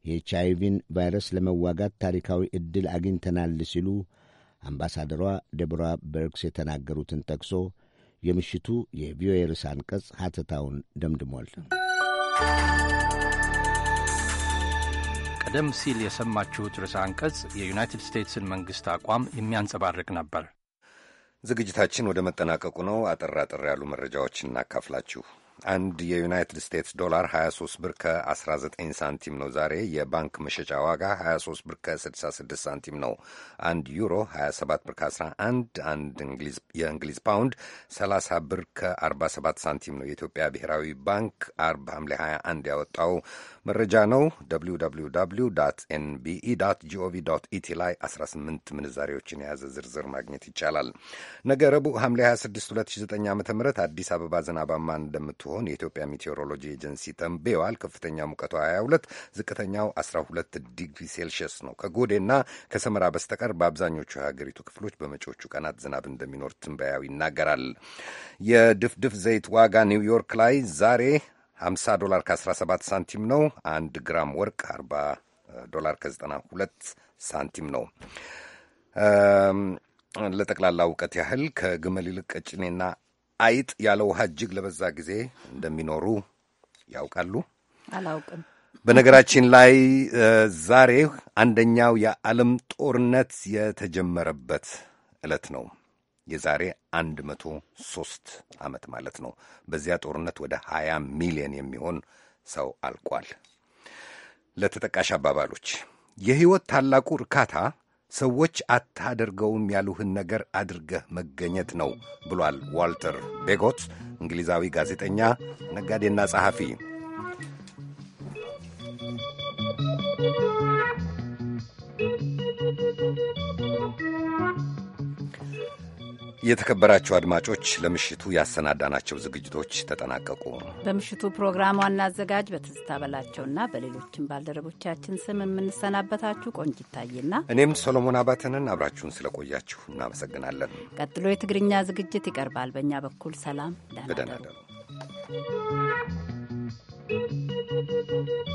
[SPEAKER 13] የኤች አይቪን ቫይረስ ለመዋጋት ታሪካዊ ዕድል አግኝተናል ሲሉ አምባሳደሯ ደቦራ በርክስ የተናገሩትን ጠቅሶ የምሽቱ የቪኦኤ ርዕሰ አንቀጽ ሐተታውን ደምድሟል።
[SPEAKER 9] ቀደም ሲል የሰማችሁት ርዕሰ አንቀጽ የዩናይትድ ስቴትስን መንግሥት አቋም የሚያንጸባርቅ ነበር። ዝግጅታችን ወደ
[SPEAKER 2] መጠናቀቁ ነው። አጠር አጠር ያሉ መረጃዎችን እናካፍላችሁ። አንድ የዩናይትድ ስቴትስ ዶላር 23 ብር ከ19 ሳንቲም ነው። ዛሬ የባንክ መሸጫ ዋጋ 23 ብር ከ66 ሳንቲም ነው። አንድ ዩሮ 27 ብር ከ11፣ አንድ የእንግሊዝ ፓውንድ 30 ብር ከ47 ሳንቲም ነው። የኢትዮጵያ ብሔራዊ ባንክ አርብ ሐምሌ 21 ያወጣው መረጃ ነው። www ኤንቢኢ ጂኦቪ ኢቲ ላይ 18 ምንዛሬዎችን የያዘ ዝርዝር ማግኘት ይቻላል። ነገ ረቡዕ ሐምሌ 26 2009 ዓ ም አዲስ አበባ ዝናባማ እንደምትሆን የኢትዮጵያ ሜቴዎሮሎጂ ኤጀንሲ ተንብየዋል። ከፍተኛ ሙቀቷ 22፣ ዝቅተኛው 12 ዲግሪ ሴልሺየስ ነው። ከጎዴና ከሰመራ በስተቀር በአብዛኞቹ የሀገሪቱ ክፍሎች በመጪዎቹ ቀናት ዝናብ እንደሚኖር ትንበያው ይናገራል። የድፍድፍ ዘይት ዋጋ ኒውዮርክ ላይ ዛሬ 50 ዶላር ከ17 ሳንቲም ነው። 1 ግራም ወርቅ 40 ዶላር ከ92 ሳንቲም ነው። ለጠቅላላ እውቀት ያህል ከግመል ይልቅ ቀጭኔና አይጥ ያለ ውሃ እጅግ ለበዛ ጊዜ እንደሚኖሩ ያውቃሉ? አላውቅም። በነገራችን ላይ ዛሬ አንደኛው የዓለም ጦርነት የተጀመረበት ዕለት ነው። የዛሬ 103 ዓመት ማለት ነው። በዚያ ጦርነት ወደ 20 ሚሊዮን የሚሆን ሰው አልቋል። ለተጠቃሽ አባባሎች የሕይወት ታላቁ እርካታ ሰዎች አታደርገውም ያሉህን ነገር አድርገህ መገኘት ነው ብሏል ዋልተር ቤጎት፣ እንግሊዛዊ ጋዜጠኛ፣ ነጋዴና ጸሐፊ። የተከበራችሁ አድማጮች ለምሽቱ ያሰናዳናቸው ዝግጅቶች ተጠናቀቁ።
[SPEAKER 1] በምሽቱ ፕሮግራም ዋና አዘጋጅ በትዝታ በላቸውና በሌሎችም ባልደረቦቻችን ስም የምንሰናበታችሁ ቆንጅ ይታይና
[SPEAKER 2] እኔም ሶሎሞን አባተንን አብራችሁን ስለቆያችሁ እናመሰግናለን።
[SPEAKER 1] ቀጥሎ የትግርኛ ዝግጅት ይቀርባል። በእኛ በኩል ሰላም፣ ደህና
[SPEAKER 5] you.